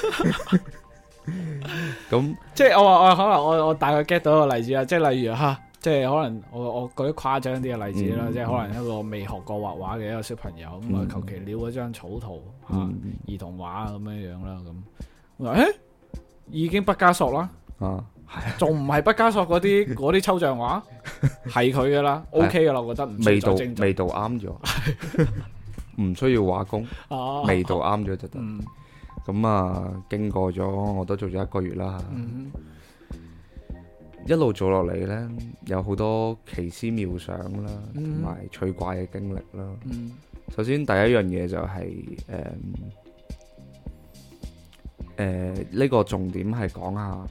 咁 即係我話我，我可能我我大概 get 到個例子啦，嗯、即係例如哈，即係可能我我舉啲誇張啲嘅例子啦，即係可能一個未學過畫畫嘅一個小朋友咁啊，求其撩一張草圖吓，兒、嗯、童畫咁樣樣啦，咁誒，已經畢加索啦，啊係，仲唔係畢加索嗰啲啲抽象畫，係佢噶啦，OK 噶啦，我覺得味道味道啱咗，唔 需要畫工，味道啱咗就得。嗯咁啊，嗯、經過咗我都做咗一個月啦，嗯、哼一路做落嚟呢，有好多奇思妙想啦，同埋、嗯、哼取怪趣怪嘅經歷啦。嗯、首先第一樣嘢就係誒呢個重點係講下誒、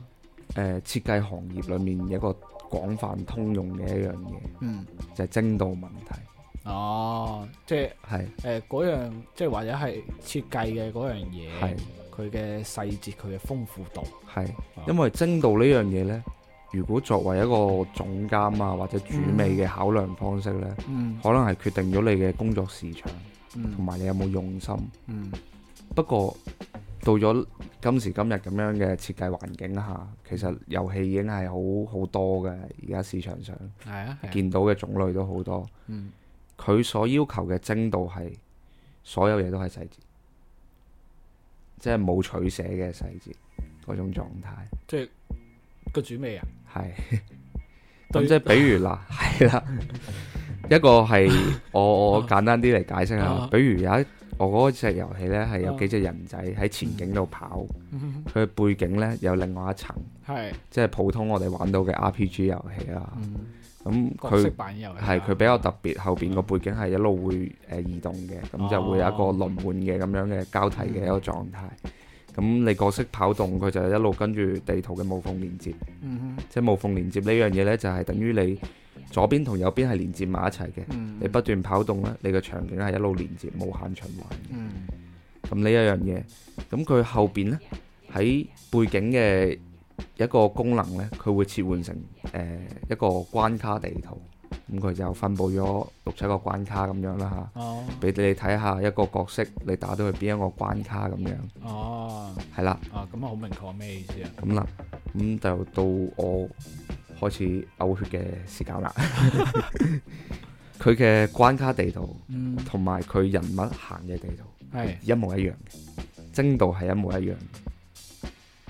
呃、設計行業裏面一個廣泛通用嘅一樣嘢，嗯、就係精度問題。哦，即係誒，嗰是、呃、樣即係或者係設計嘅嗰樣嘢，佢嘅細節，佢嘅豐富度。係是，啊、因為精度呢樣嘢呢，如果作為一個總監啊或者主美嘅考量方式呢，嗯、可能係決定咗你嘅工作時長，同埋、嗯、你有冇用心。嗯。不過到咗今時今日咁樣嘅設計環境下，其實遊戲已經係好好多嘅，而家市場上係啊，啊見到嘅種類都好多。嗯。佢所要求嘅精度係所有嘢都係細節，即係冇取捨嘅細節嗰種狀態。即係個主美啊！係是， 咁即係比如嗱，係 啦，一個係我我簡單啲嚟解釋下， 比如有一我嗰隻遊戲呢，係有幾隻人仔喺前景度跑，佢嘅、嗯、背景呢有另外一層，係是即係普通我哋玩到嘅 RPG 遊戲啦。嗯。咁佢係佢比較特別，後邊個背景係一路會誒、呃、移動嘅，咁就會有一個輪換嘅咁樣嘅交替嘅一個狀態。咁、嗯、你角色跑動，佢就一路跟住地圖嘅無縫連接。嗯、即係無縫連接呢樣嘢呢，就係、是、等於你左邊同右邊係連接埋一齊嘅。嗯、你不斷跑動呢，你個場景係一路連接無限循環。嗯。咁呢一樣嘢，咁佢後邊呢，喺背景嘅。一個功能呢，佢會切換成誒、呃、一個關卡地圖，咁、嗯、佢就分佈咗六七個關卡咁樣啦吓，俾你睇下一個角色你打到去邊一個關卡咁樣。哦，係啦。啊，咁了啊好明確咩意思啊？咁啦，咁、嗯、就到我開始嘔血嘅時間啦。佢 嘅關卡地圖同埋佢人物行嘅地圖係、嗯、一模一樣嘅，精度係一模一樣。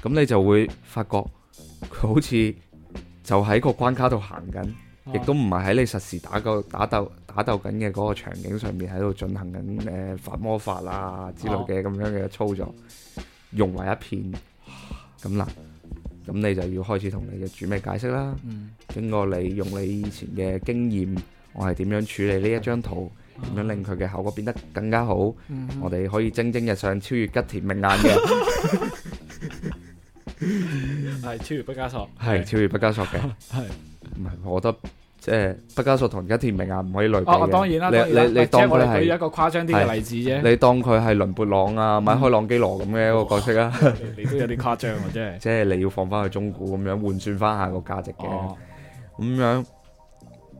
咁你就會發覺佢好似就喺個關卡度行緊，亦、啊、都唔係喺你實時打個打鬥打鬥緊嘅嗰個場景上面喺度進行緊誒發魔法啊之類嘅咁樣嘅操作，融、啊、為一片。咁、啊、嗱，咁你就要開始同你嘅主咩解釋啦。嗯、經過你用你以前嘅經驗，我係點樣處理呢一張圖，點、嗯、樣令佢嘅效果變得更加好。嗯、哼我哋可以蒸蒸日上，超越吉田明眼嘅。 係超越畢加索，係超越畢加索嘅，係唔係？我覺得即係畢加索同而家田明啊，唔可以類比嘅。哦，當然啦，你你你，即係我舉一個誇張啲嘅例子啫。你當佢係倫勃朗啊，米開朗基羅咁嘅一個角色啊，你都有啲誇張啊，真係。即係你要放翻去中古咁樣換算翻下個價值嘅，咁樣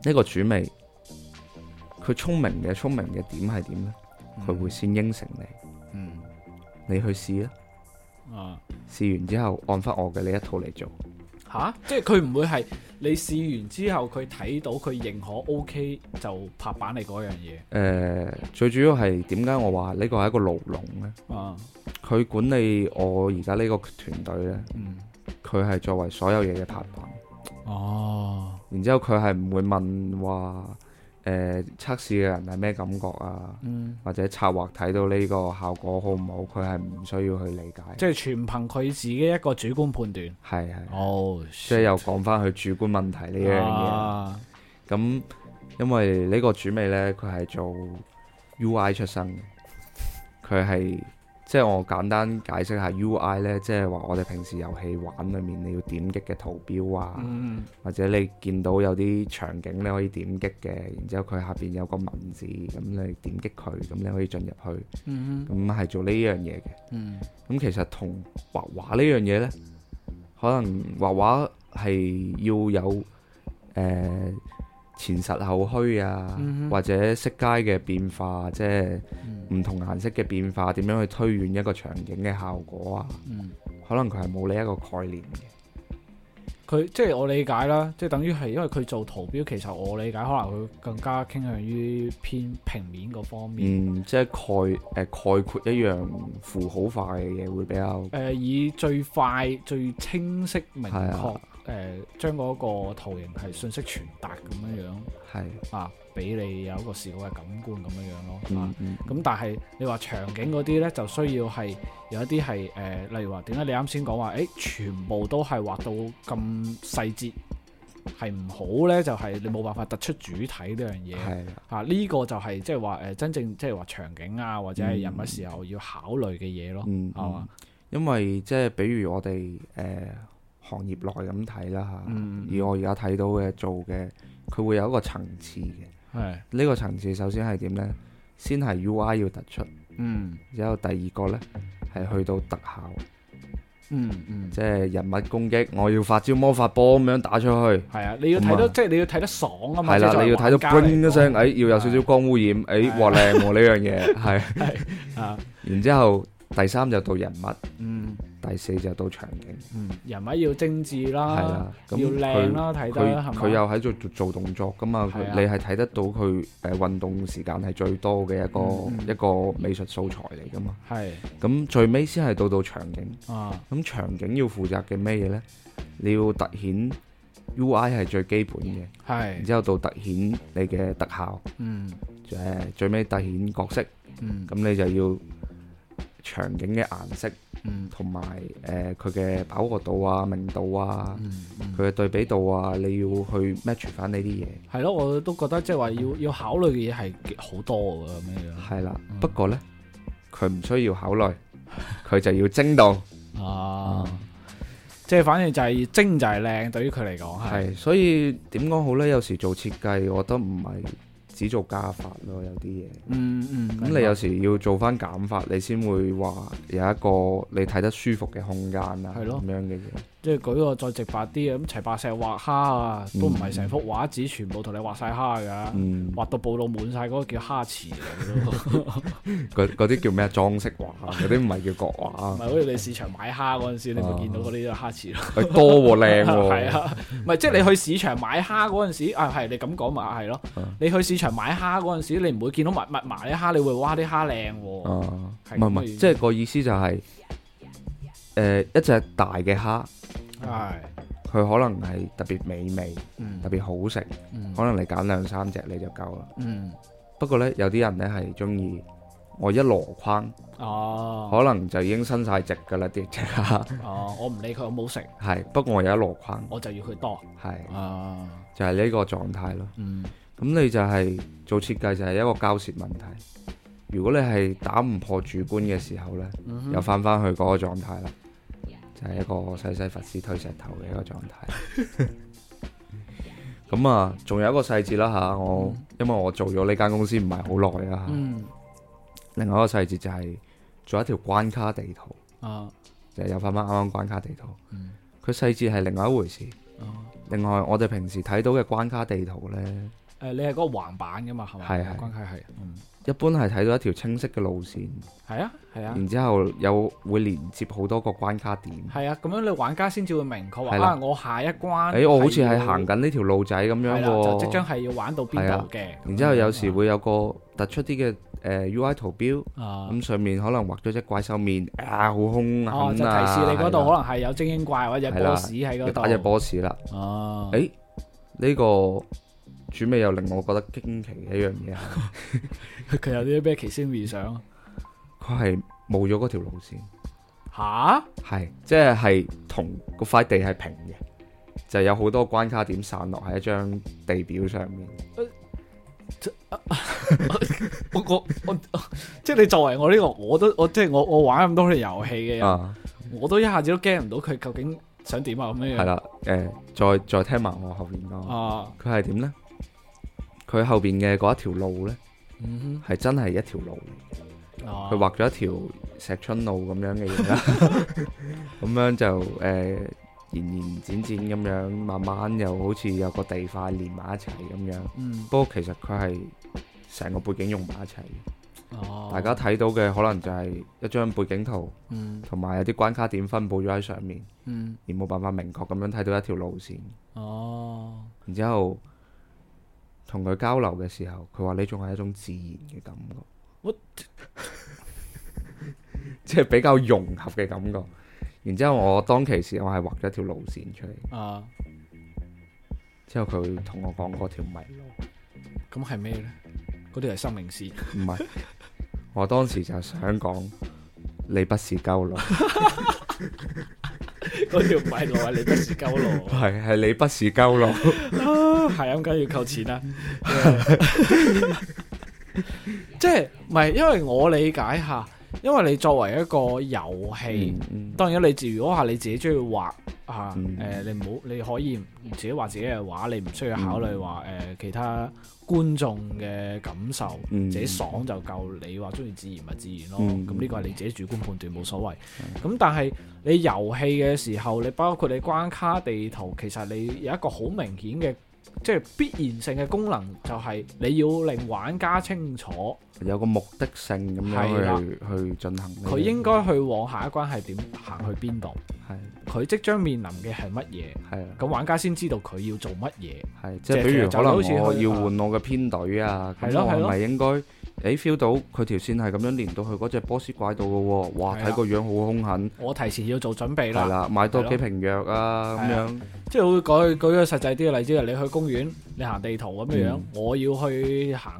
呢個主味，佢聰明嘅聰明嘅，點係點咧？佢會先應承你，嗯，你去試啊，啊。試完之後按翻我嘅呢一套嚟做，吓、啊？即係佢唔會係你試完之後佢睇到佢認可 O、OK、K 就拍板你嗰樣嘢。誒、呃，最主要係點解我話呢個係一個牢籠咧？啊，佢管理我而家呢個團隊咧，佢係、嗯、作為所有嘢嘅拍板。哦、啊，然之後佢係唔會問話。誒，測試嘅人係咩感覺啊？嗯、或者策劃睇到呢個效果好唔好？佢係唔需要去理解，即係全憑佢自己一個主觀判斷。係係哦， 是是 oh, 即係又講翻佢主觀問題呢樣嘢。咁、啊、因為呢個主美呢，佢係做 UI 出身，佢係。即係我簡單解釋下 UI 呢，即係話我哋平時遊戲玩裏面你要點擊嘅圖標啊，嗯、哼或者你見到有啲場景你可以點擊嘅，然之後佢下邊有個文字咁，你點擊佢咁你可以進入去，咁係、嗯、哼做呢樣嘢嘅。咁、嗯、其實同畫畫呢樣嘢呢，可能畫畫係要有、呃前實後虛啊，嗯、哼或者色階嘅變化，即係唔同顏色嘅變化，點樣去推遠一個場景嘅效果啊？嗯、可能佢係冇呢一個概念嘅。佢即係我理解啦，即係等於係因為佢做圖標，其實我理解可能佢會更加傾向於偏平面嗰方面。嗯，即係概誒概括一樣符號化嘅嘢會比較誒、呃，以最快、最清晰、明確。誒、呃、將嗰個圖形係信息傳達咁樣樣，係的啊，俾你有一個視覺嘅感官咁樣樣咯，嗯嗯、啊，咁但係你話場景嗰啲呢就需要係有一啲係誒，例如話點解你啱先講話，誒、欸、全部都係畫到咁細節，係唔好呢，就係、是、你冇辦法突出主體呢樣嘢，係的啊，呢、這個就係即係話誒真正即係話場景啊，或者係人物時候要考慮嘅嘢咯，係嘛？因為即係比如我哋誒。呃行業內咁睇啦嚇，而我而家睇到嘅做嘅，佢會有一個層次嘅。係呢個層次，首先係點呢？先係 UI 要突出。嗯。然之後第二個呢，係去到特效。嗯嗯。即係人物攻擊，我要發招魔法波咁樣打出去。係啊，你要睇到，即係你要睇得爽啊嘛。係啦，你要睇到轟一聲，哎，要有少少光污染，哎，哇靚喎呢樣嘢，係係啊。然之後第三就到人物。嗯。第四就到場景，人物要精緻啦，要靚啦，睇得，佢又喺度做動作噶嘛，你係睇得到佢誒運動時間係最多嘅一個一個美術素材嚟噶嘛，咁最尾先係到到場景，咁場景要負責嘅咩嘢咧？你要突顯 UI 係最基本嘅，然之後到突顯你嘅特效，誒最尾突顯角色，咁你就要。場景嘅顏色，同埋誒佢嘅飽和度啊、明度啊、佢嘅對比度啊，你要去 match 翻呢啲嘢。係咯，我都覺得即係話要要考慮嘅嘢係好多噶咁樣樣。係啦，不過咧佢唔需要考慮，佢就要精到。啊，即係反正就係精就係靚，對於佢嚟講係。所以點講好咧？有時做設計，我都唔係。只做加法咯，有啲嘢、嗯。嗯嗯，咁你有時要做翻減法，嗯、你先會話有一個你睇得舒服嘅空間啦、啊。咁咯樣嘅嘢。即係舉個再直白啲啊，咁齊白石畫蝦啊，都唔係成幅畫紙全部同你畫晒蝦噶，畫、嗯、到布到滿晒嗰個蝦詞叫蝦池嚟嘅。嗰啲叫咩啊？裝飾畫，嗰啲唔係叫國畫啊。唔係好似你市場買蝦嗰陣時，你會，你咪見到嗰啲叫蝦池咯。係多喎，靚喎，係啊，唔係即係你去市場買蝦嗰陣時啊，係你咁講咪係咯。你去市場買蝦嗰陣時，你唔會見到密密麻麻啲蝦，你會哇啲蝦靚喎。唔係唔係，即係個意思就係。誒一隻大嘅蝦，係佢可能係特別美味，特別好食，可能你揀兩三隻你就夠啦。嗯，不過呢，有啲人呢係中意我一籮筐，哦，可能就已經伸晒直噶啦啲隻蝦。哦，我唔理佢好唔好食。係，不過我有一籮筐我就要佢多。係，哦，就係呢個狀態咯。嗯，咁你就係做設計就係一個交涉問題。如果你係打唔破主觀嘅時候呢，mm hmm. 又翻翻去嗰個狀態啦，Yeah. 就係一個西西佛斯推石頭嘅一個狀態。咁 啊，仲有一個細節啦嚇，我、mm hmm. 因為我做咗呢間公司唔係好耐啊。嗯、mm。Hmm. 另外一個細節就係做一條關卡地圖。Uh huh. 就係又翻翻啱啱關卡地圖。佢、uh huh. 細節係另外一回事。Uh huh. 另外，我哋平時睇到嘅關卡地圖呢。誒，你係嗰個橫版嘅嘛？係咪？係係關卡係，嗯，一般係睇到一條清晰嘅路線。係啊，係啊。然之後有會連接好多個關卡點。係啊，咁樣你玩家先至會明確話啦，我下一關。誒，我好似係行緊呢條路仔咁樣喎。就即將係要玩到邊度嘅。然之後有時會有個突出啲嘅誒 U I 圖標咁，上面可能畫咗隻怪獸面啊，好兇啊，係啦。哦，提示你嗰度可能係有精英怪或者波 o 喺嗰度。打隻波 o s 啦。哦。誒，呢個。主味又令我覺得驚奇嘅一樣嘢啊！佢有啲咩奇思妙想？佢係冇咗嗰條路線吓，啊？係即係同嗰塊地係平嘅，就係有好多關卡點散落喺一張地表上面，啊啊啊啊。我我我，我，啊，即係你作為我呢、呢個我都我即係我我玩咁多嘅遊戲嘅人，啊，我都一下子都 game 唔到佢究竟想點啊咁樣。係啦，誒，再再聽埋我後邊講，佢係點咧？啊佢後邊嘅嗰一條路呢，係、mm hmm. 真係一條路。佢畫咗一條石春路咁樣嘅嘢啦，咁 樣就誒，延延展展咁樣，慢慢又好似有個地塊連埋一齊咁樣。Mm. 不過其實佢係成個背景用埋一齊。Oh. 大家睇到嘅可能就係一張背景圖，同埋、mm. 有啲關卡點分布咗喺上面，mm. 而冇辦法明確咁樣睇到一條路線。哦，然之後。同佢交流嘅時候，佢話：呢種係一種自然嘅感覺，即係 What? 比較融合嘅感覺。然之後，我當其時我係畫咗條路線出嚟。之、uh, 後佢同我講嗰條迷路，咁係咩呢？嗰條係生命線。唔 係 我當時就想講。你不是鳩佬，嗰條唔係我話！你不是鳩佬，係係 你不是鳩佬，係咁梗要扣錢啦，即係唔係？因為我理解吓。因為你作為一個遊戲，嗯嗯、當然你自如果話你自己中意畫吓，誒、嗯呃、你唔好你可以自己畫自己嘅畫，你唔需要考慮話誒、呃、其他觀眾嘅感受，嗯、自己爽就夠你。你話中意自然咪自然咯，咁呢、嗯、個係你自己主觀判斷冇所謂。咁、嗯、但係你遊戲嘅時候，你包括你關卡地圖，其實你有一個好明顯嘅。即係必然性嘅功能，就係你要令玩家清楚有個目的性咁樣去去進行。佢應該去往下一關係點行去邊度？係佢即將面臨嘅係乜嘢？係咁玩家先知道佢要做乜嘢？係即係即係比如可能好似要換我嘅編隊啊，咁我係咪應該？誒，feel 到佢條線係咁樣連到去嗰隻波斯怪度嘅喎，哇！睇個樣好凶狠，我提前要做準備啦，係啦，買多幾瓶藥啊，咁樣，即係我會舉舉個實際啲嘅例子啊，你去公園，你行地圖咁樣樣，我要去行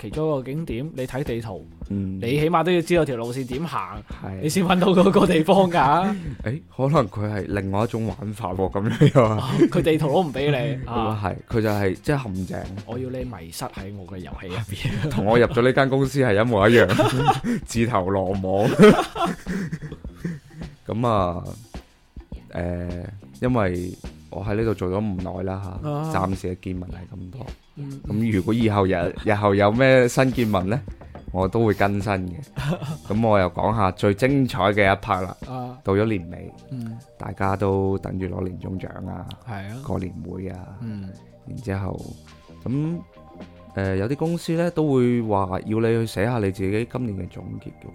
其中一個景點，你睇地圖，你起碼都要知道條路線點行，你先搵到嗰個地方噶。誒，可能佢係另外一種玩法咁樣樣，佢地圖都唔俾你，係，佢就係即係陷阱。我要你迷失喺我嘅遊戲入邊，同我入咗呢間。間公司係一模一樣，自投羅網。咁啊，誒，因為我喺呢度做咗唔耐啦吓，暫時嘅見聞係咁多。咁如果以後日日後有咩新見聞呢，我都會更新嘅。咁我又講下最精彩嘅一 part 啦。到咗年尾，大家都等住攞年終獎啊，係啊，過年會啊，然之後咁。誒，有啲公司咧都會話要你去寫下你自己今年嘅總結嘅。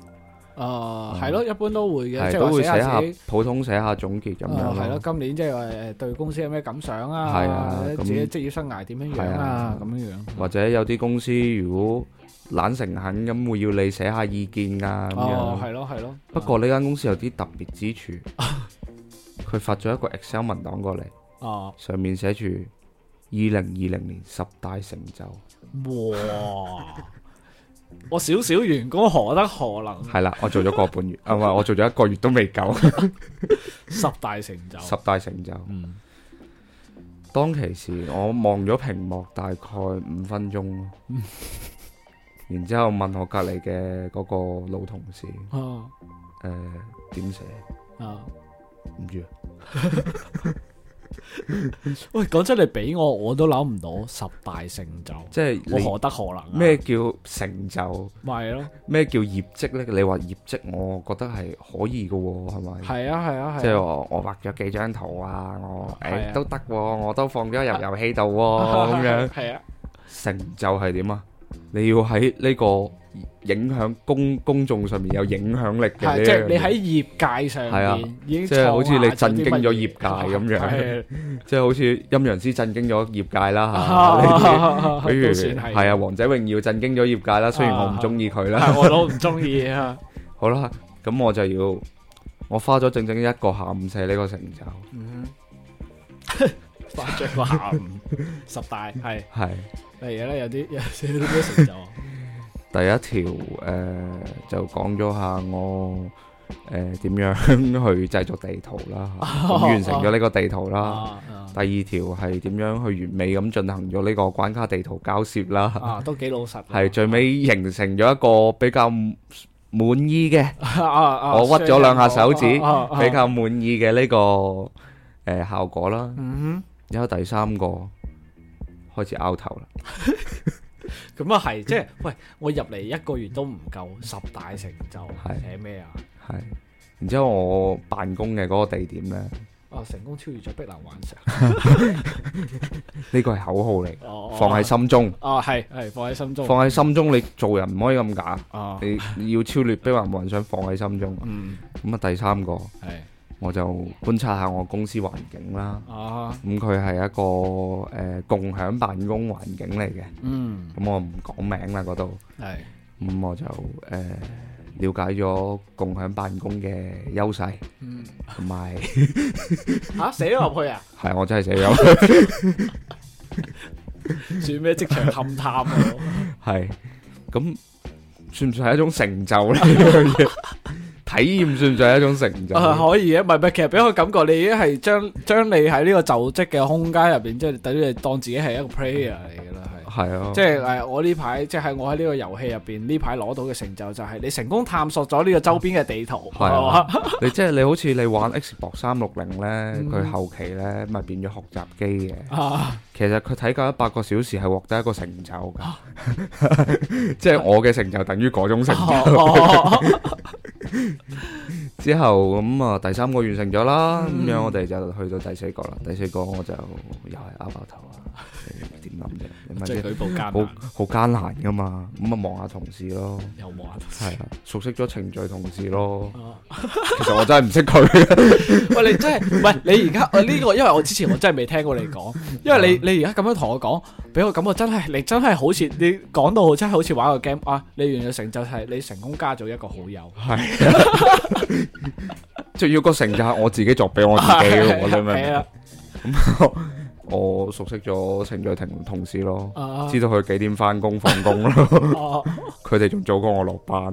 誒，係咯，一般都會嘅，即係都會寫下普通寫下總結咁樣咯。係咯，今年即係誒對公司有咩感想啊？係啊，自己職業生涯點樣啊？咁樣樣。或者有啲公司如果懶成肯咁會要你寫下意見噶。哦，係咯，係咯。不過呢間公司有啲特別之處，佢發咗一個 Excel 文檔過嚟，上面寫住。二零二零年十大成就，哇！我小小員工何德何能？係啦，我做咗個半月，唔係我做咗一個月都未夠。十大成就，十大成就。嗯，當其時我望咗屏幕大概五分鐘，然之後問我隔籬嘅嗰個老同事，啊，誒，點寫啊？唔知。喂，講真， 你俾我我都諗唔到十大成就，即係我何德何能啊？咩叫成就？咪咯？咩叫業績呢？你話業績，我覺得係可以噶，哦，係咪？係啊，係啊，即係、啊、我我畫咗幾張圖啊，我誒、啊欸、都得、啊，我都放咗入遊戲度咁樣。係啊，啊啊成就係點啊？你要喺呢個。影響公公眾上面有影響力嘅，係即係你喺業界上面，係啊，即係好似你震驚咗業界咁樣，即係好似陰陽師震驚咗業界啦吓。比如係啊，王者榮耀震驚咗業界啦。雖然我唔中意佢啦，我都唔中意啊。好啦，咁我就要我花咗整整一個下午寫呢個成就。嗯，花咗個下午，十大係係，例如咧，有啲有啲咩成就啊？第一條誒、呃，就講咗下我誒點、呃、樣去製作地圖啦， 完成咗呢個地圖啦。 第二條係點樣去完美咁進行咗呢個關卡地圖交涉啦、 啊？都幾老實，係最尾形成咗一個比較滿意嘅， 啊啊啊、我屈咗兩下手指， 啊啊啊、比較滿意嘅呢、這個誒、呃、效果啦。嗯，然後第三個開始拗頭啦。 咁啊，係即係，喂！我入嚟一個月都唔夠十大成就係咩啊？係，然之後我辦公嘅嗰個地點呢，哦，成功超越咗碧藍幻想，呢個係口號嚟，放喺心中。哦，係係放喺心中，放喺心中，你做人唔可以咁假，你要超越碧藍，冇人想放喺心中。嗯，咁啊，第三個係。我就觀察下我公司環境啦，咁佢係一個誒共享辦公環境嚟嘅，咁我唔講名啦嗰度，咁我就誒了解咗共享辦公嘅優勢，同埋吓寫咗落去啊？係我真係寫咗，算咩職場勘探啊？係咁算唔算係一種成就咧？體驗算唔算係一種成就？可以啊，唔係唔係，其實俾我感覺你已經係將將你喺呢個就職嘅空間入邊，即係等於你當自己係一個 player 嚟嘅啦。係係啊，即係誒，我呢排即係我喺呢個遊戲入邊呢排攞到嘅成就就係你成功探索咗呢個周邊嘅地圖，係你即係你好似你玩 Xbox 三六零咧，佢後期咧咪變咗學習機嘅。其實佢睇夠一百個小時係獲得一個成就噶，即係我嘅成就等於嗰種成就。 之後咁啊，第三個完成咗啦，咁、嗯、樣我哋就去到第四個啦。第四個我就又係阿伯頭點諗嘅？即係舉報艱難，好艱難噶嘛？咁啊，望下同事咯，又望下同事係啊，熟悉咗程序同事咯。其實我真係唔識佢。喂，你真係唔係你而家？呢個，因為我之前我真係未聽過你講，因為你你而家咁樣同我講，俾我感覺真係，你真係好似你講到好，真係好似玩個 game 啊！你完咗成就係你成功加咗一個好友，係，仲要個成就係我自己作俾我自己我你明唔明？咁。我熟悉咗程序庭同事咯，知道佢幾點翻工放工咯，佢哋仲早過我落班，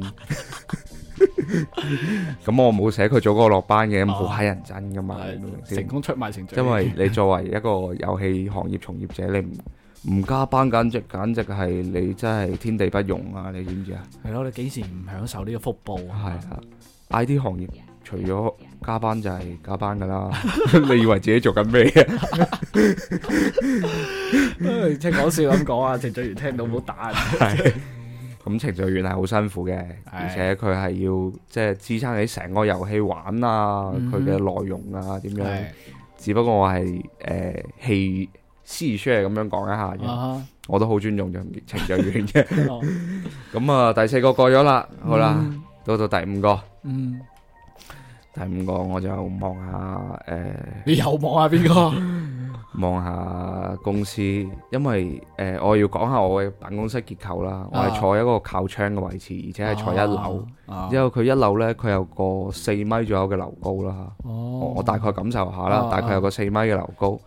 咁我冇寫佢早過我落班嘅，咁好乞人憎噶嘛？成功出賣程序庭，因為你作為一個遊戲行業從業者，你唔唔加班，簡直簡直係你真係天地不容啊！你知唔知啊？係咯，你幾時唔享受呢個福報啊？係啊，IT 行業除咗。加班就係加班噶啦你以為自己做緊咩啊？即係講笑咁講啊，程序員聽到唔好打。係，咁程序員係好辛苦嘅，而且佢係要即係支撐起成個遊戲玩啊，佢嘅內容啊點樣？只不過我係誒戲私而說係咁樣講一下嘅，我都好尊重做程序員嘅。咁啊，第四個過咗啦，好啦，到到第五個。第五個我就望下誒，呃、你又望下邊個？望 下 公司，因為誒、呃，我要講下我嘅辦公室結構啦。啊、我係坐喺一個靠窗嘅位置，而且係坐一樓。之、啊啊、後佢一樓呢，佢有個四米左右嘅樓高啦。哦、啊，我大概感受下啦，啊、大概有個四米嘅樓高。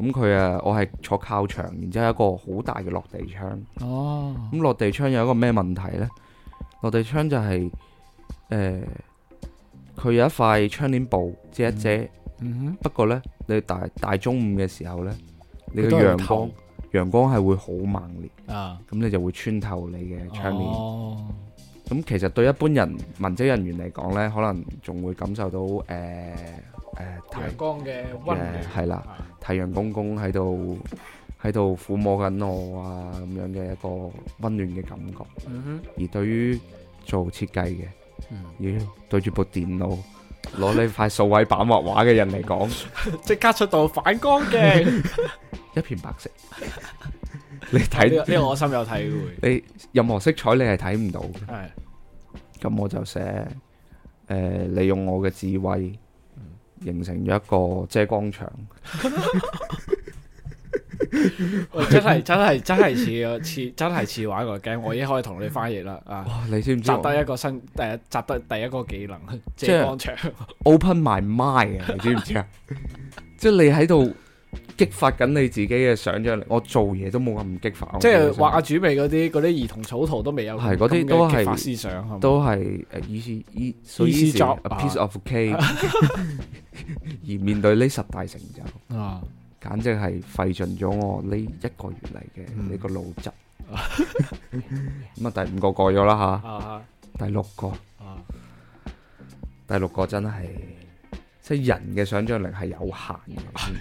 咁佢誒，我係坐靠牆，然之後一個好大嘅落地窗。哦、啊，咁落、啊、地窗有一個咩問題呢？落地窗就係、是、誒。呃呃佢有一塊窗簾布遮一遮，嗯嗯、不過呢，你大大中午嘅時候呢，你嘅陽光陽光係會好猛烈啊！咁你就會穿透你嘅窗簾。咁、哦、其實對一般文職人員嚟講呢，可能仲會感受到誒誒、呃呃、陽光嘅溫暖，啊、啦，太陽公公喺度喺度撫摸緊我啊咁樣嘅一個溫暖嘅感覺。嗯、哼而對於做設計嘅。嗯、要對住部電腦，攞你塊數位板畫畫嘅人嚟講，即 刻出到反光鏡， 一片白色。 你睇看呢？啊這個這個、我深有體會。 你任何色彩你係睇唔到嘅。咁的我就寫，誒、呃，利用我嘅智慧，嗯、形成咗一個遮光牆。 真係真係真係似個似真係似玩個 game，我依家可以同你翻譯啦啊！你知唔知？集得一個新誒，集得第一個技能，即係 open my mind 啊！你知唔知啊？即係你喺度激發緊你自己嘅想象力。我做嘢都冇咁激發。即係畫阿主味嗰啲，嗰啲兒童草圖都未有。係嗰啲都係激發思想，都係誒，意思意意思作 a piece of cake。而面對呢十大成就啊！簡直係費盡咗我呢一個月嚟嘅呢個腦汁。咁啊，第五個過咗啦吓，第六個，第六個真係，即係人嘅想象力係有限嘅，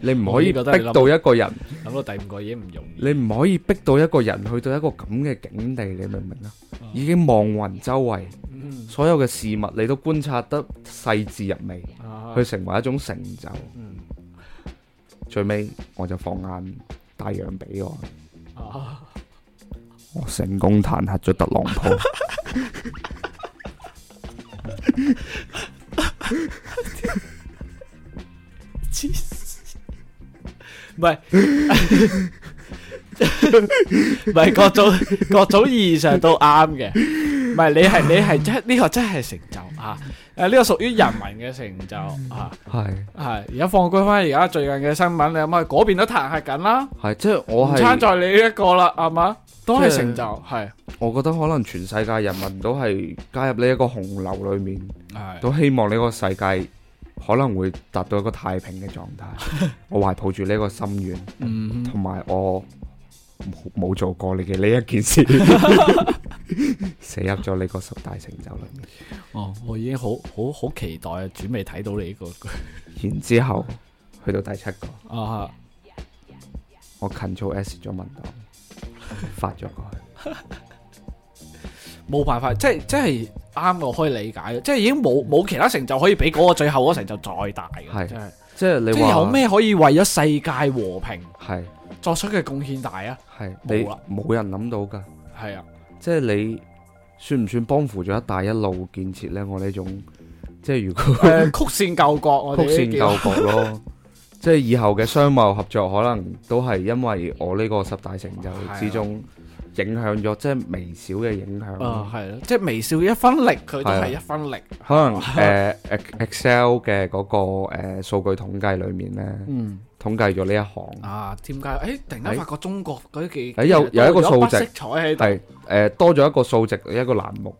你唔可以逼到一個人。諗到第五個已經唔容易。你唔可以逼到一個人去到一個咁嘅境地，你明唔明啊？已經望勻周圍，所有嘅事物你都觀察得細致入微，去成為一種成就。最尾我就放眼大洋俾我，啊、我成功彈劾咗特朗普。唔係唔係，各種各種意義上都啱嘅。唔係，你係你係真呢個真係成就啊！誒呢、啊，這個屬於人民嘅成就嚇，係係而家放歸翻而家最近嘅新聞，你諗下嗰邊都彈劾緊啦，係即係我係參在呢一個啦，係嘛都係成就係。我覺得可能全世界人民都係加入呢一個洪流裏面，是是都希望呢個世界可能會達到一個太平嘅狀態。 我懷抱住呢個心願，嗯，同埋我。冇做過你嘅呢一件事，寫 入咗你個十大成就裏面。哦，我已經好好好期待啊，準備睇到你呢，這個 然之後去到第七個，啊，uh，huh. 我 Ctrl S 咗文檔，發咗過去。冇 辦法，即係即係啱我可以理解，即係已經冇冇其他成就可以比嗰個最後嗰成就再大嘅，是真係的。即係你即有咩可以為咗世界和平？係。作出嘅貢獻大啊，係冇啦，冇人諗到噶，係啊，即係你算唔算幫扶咗一帶一路建設咧？我呢種即係如果誒，曲線救國，曲線救國咯，即係以後嘅商貿合作可能都係因為我呢個十大成就之中影響咗，即係微小嘅影響，係咯，即係微小一分力，佢都係一分力，可能誒，Excel 嘅嗰個誒數據統計裏面咧，嗯。統計咗呢一行啊？點解？誒，突然間發覺中國嗰件，誒有有一個數值，係誒多咗一個數值一個欄目，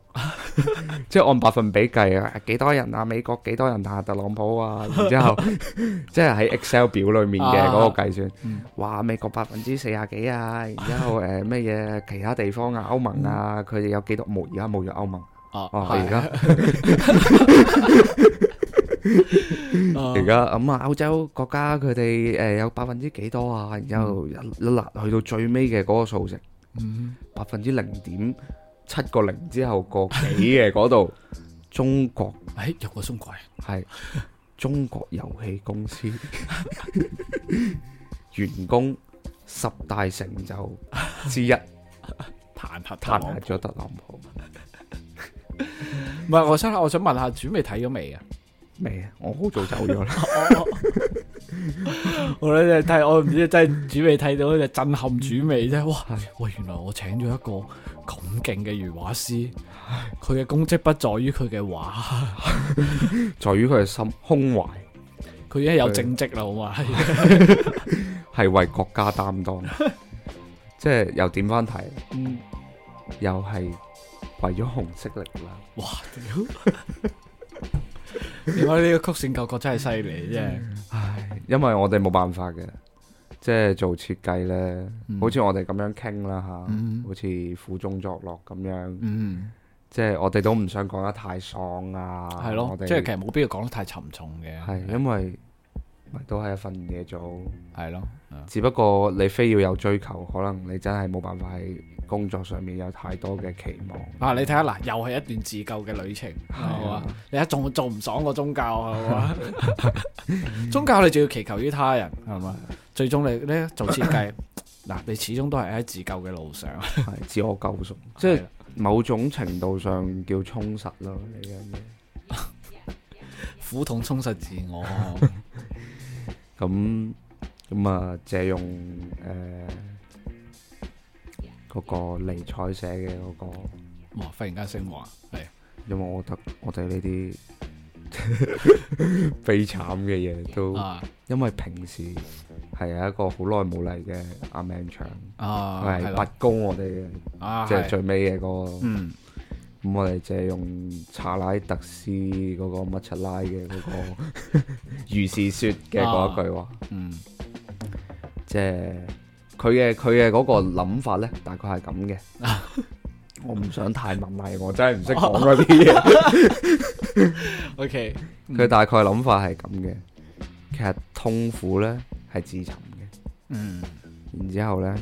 即係按百分比計啊，幾多人啊，美國幾多人啊，特朗普啊，然之後即係喺 Excel 表裏面嘅嗰個計算，哇，美國百分之四十幾啊，然之後誒咩嘢其他地方啊，歐盟啊，佢哋有幾多冇，而家冇咗歐盟啊，而家。而家咁啊，歐洲國家佢哋誒有百分之幾多啊？然之後一粒去到最尾嘅嗰個數值，百分之零點七個零之後個幾嘅嗰度，中國誒有個中國係中國遊戲公司員工十大成就之一，彈劾彈劾咗特朗普。唔係，我想我想問下，仲未睇咗未啊？未啊！我好早走咗啦。 我咧真係睇，我唔知真係主美睇到咧，震撼主美啫。哇！我原來我請咗一個咁勁嘅原畫師，佢嘅功績不在於佢嘅畫， 於在於佢嘅心胸懷。佢而家有政績啦，好嘛？係 為國家擔當， 即係又點翻睇？嗯，又係為咗紅色力量。哇！ 點解呢個曲線感角真係犀利，真唉，因為我哋冇辦法嘅，即係做設計呢，嗯、好似我哋咁樣傾啦吓，嗯、好似苦中作樂咁樣，嗯、即係我哋都唔想講得太爽啊。係咯，們即係其實冇必要講得太沉重嘅。係因為都係一份嘢做，係咯。咯只不過你非要有追求，可能你真係冇辦法。工作上面有太多嘅期望啊！你睇下嗱，又係一段自救嘅旅程，係嘛？你一下仲仲唔爽過宗教啊？ 宗教你仲要祈求於他人，係嘛？ 最終你咧做設計，嗱 你始終都係喺自救嘅路上，係 自我救贖，即係 某種程度上叫充實咯。呢樣嘢， 苦痛充實自我。咁咁啊，借用誒。呃嗰個尼采寫嘅嗰個，哇！忽然間升華，係因為我覺得我哋呢啲悲慘嘅嘢都，因為平時係一個好耐冇嚟嘅硬命場，係拔高我哋嘅、啊，即係最尾嘅嗰個。咁我哋就用查拉特斯嗰個麥特拉嘅嗰個如是説嘅嗰一句話，嗯，即、嗯、係。嗯佢嘅佢嘅嗰個諗法呢，大概係咁嘅。我唔想太難，埋我真係唔識講嗰啲嘢。OK，佢大概諗法係咁嘅。其實痛苦呢，係自尋嘅。嗯。然之後呢，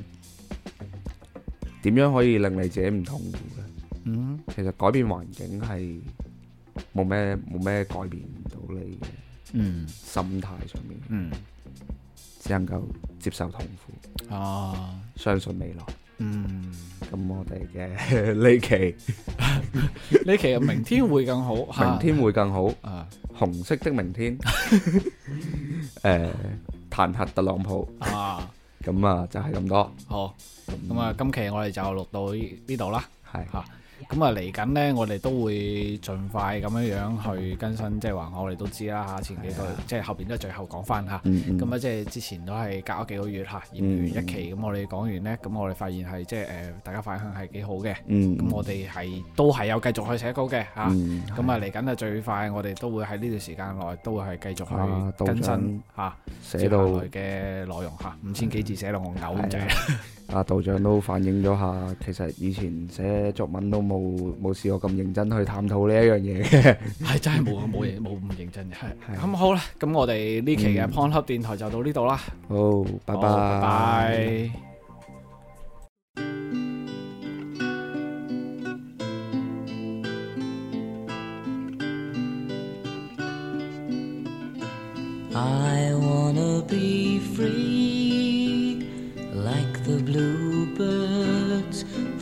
點樣可以令你自己唔痛苦呢？嗯。其實改變環境係冇咩冇咩改變唔到你嘅。嗯。心態上面，嗯，只能夠接受痛苦。啊！相信未來，嗯，咁、嗯、我哋嘅呢期，呢 期嘅明天會更好，明天會更好，啊，紅色的明天，誒、 呃，彈劾特朗普啊，咁啊就係、是、咁多，好，咁啊今期我哋就錄到呢度啦，係吓的。啊咁啊，嚟緊呢，我哋都會盡快咁樣樣去更新，即係話我哋都知啦吓，前幾個的即係後邊都係最後講翻吓。咁啊、嗯嗯，即係之前都係隔咗幾個月吓，演完一期，咁、嗯嗯、我哋講完呢，咁我哋發現係即係誒，大家反響係幾好嘅。咁、嗯嗯、我哋係都係有繼續去寫稿嘅吓。咁、嗯、啊，嚟緊啊，最快我哋都會喺呢段時間內，都會係繼續去更新吓，寫到嘅內容吓、啊，五千幾字寫到我嘔咁滯。嗯的 阿道長都反映咗下，其實以前寫作文都冇冇試過咁認真去探討呢一樣嘢嘅，係真係冇冇嘢冇咁認真嘅。係咁好啦，咁我哋呢期嘅 Pon Cup 電台就到呢度啦。好，拜拜，拜。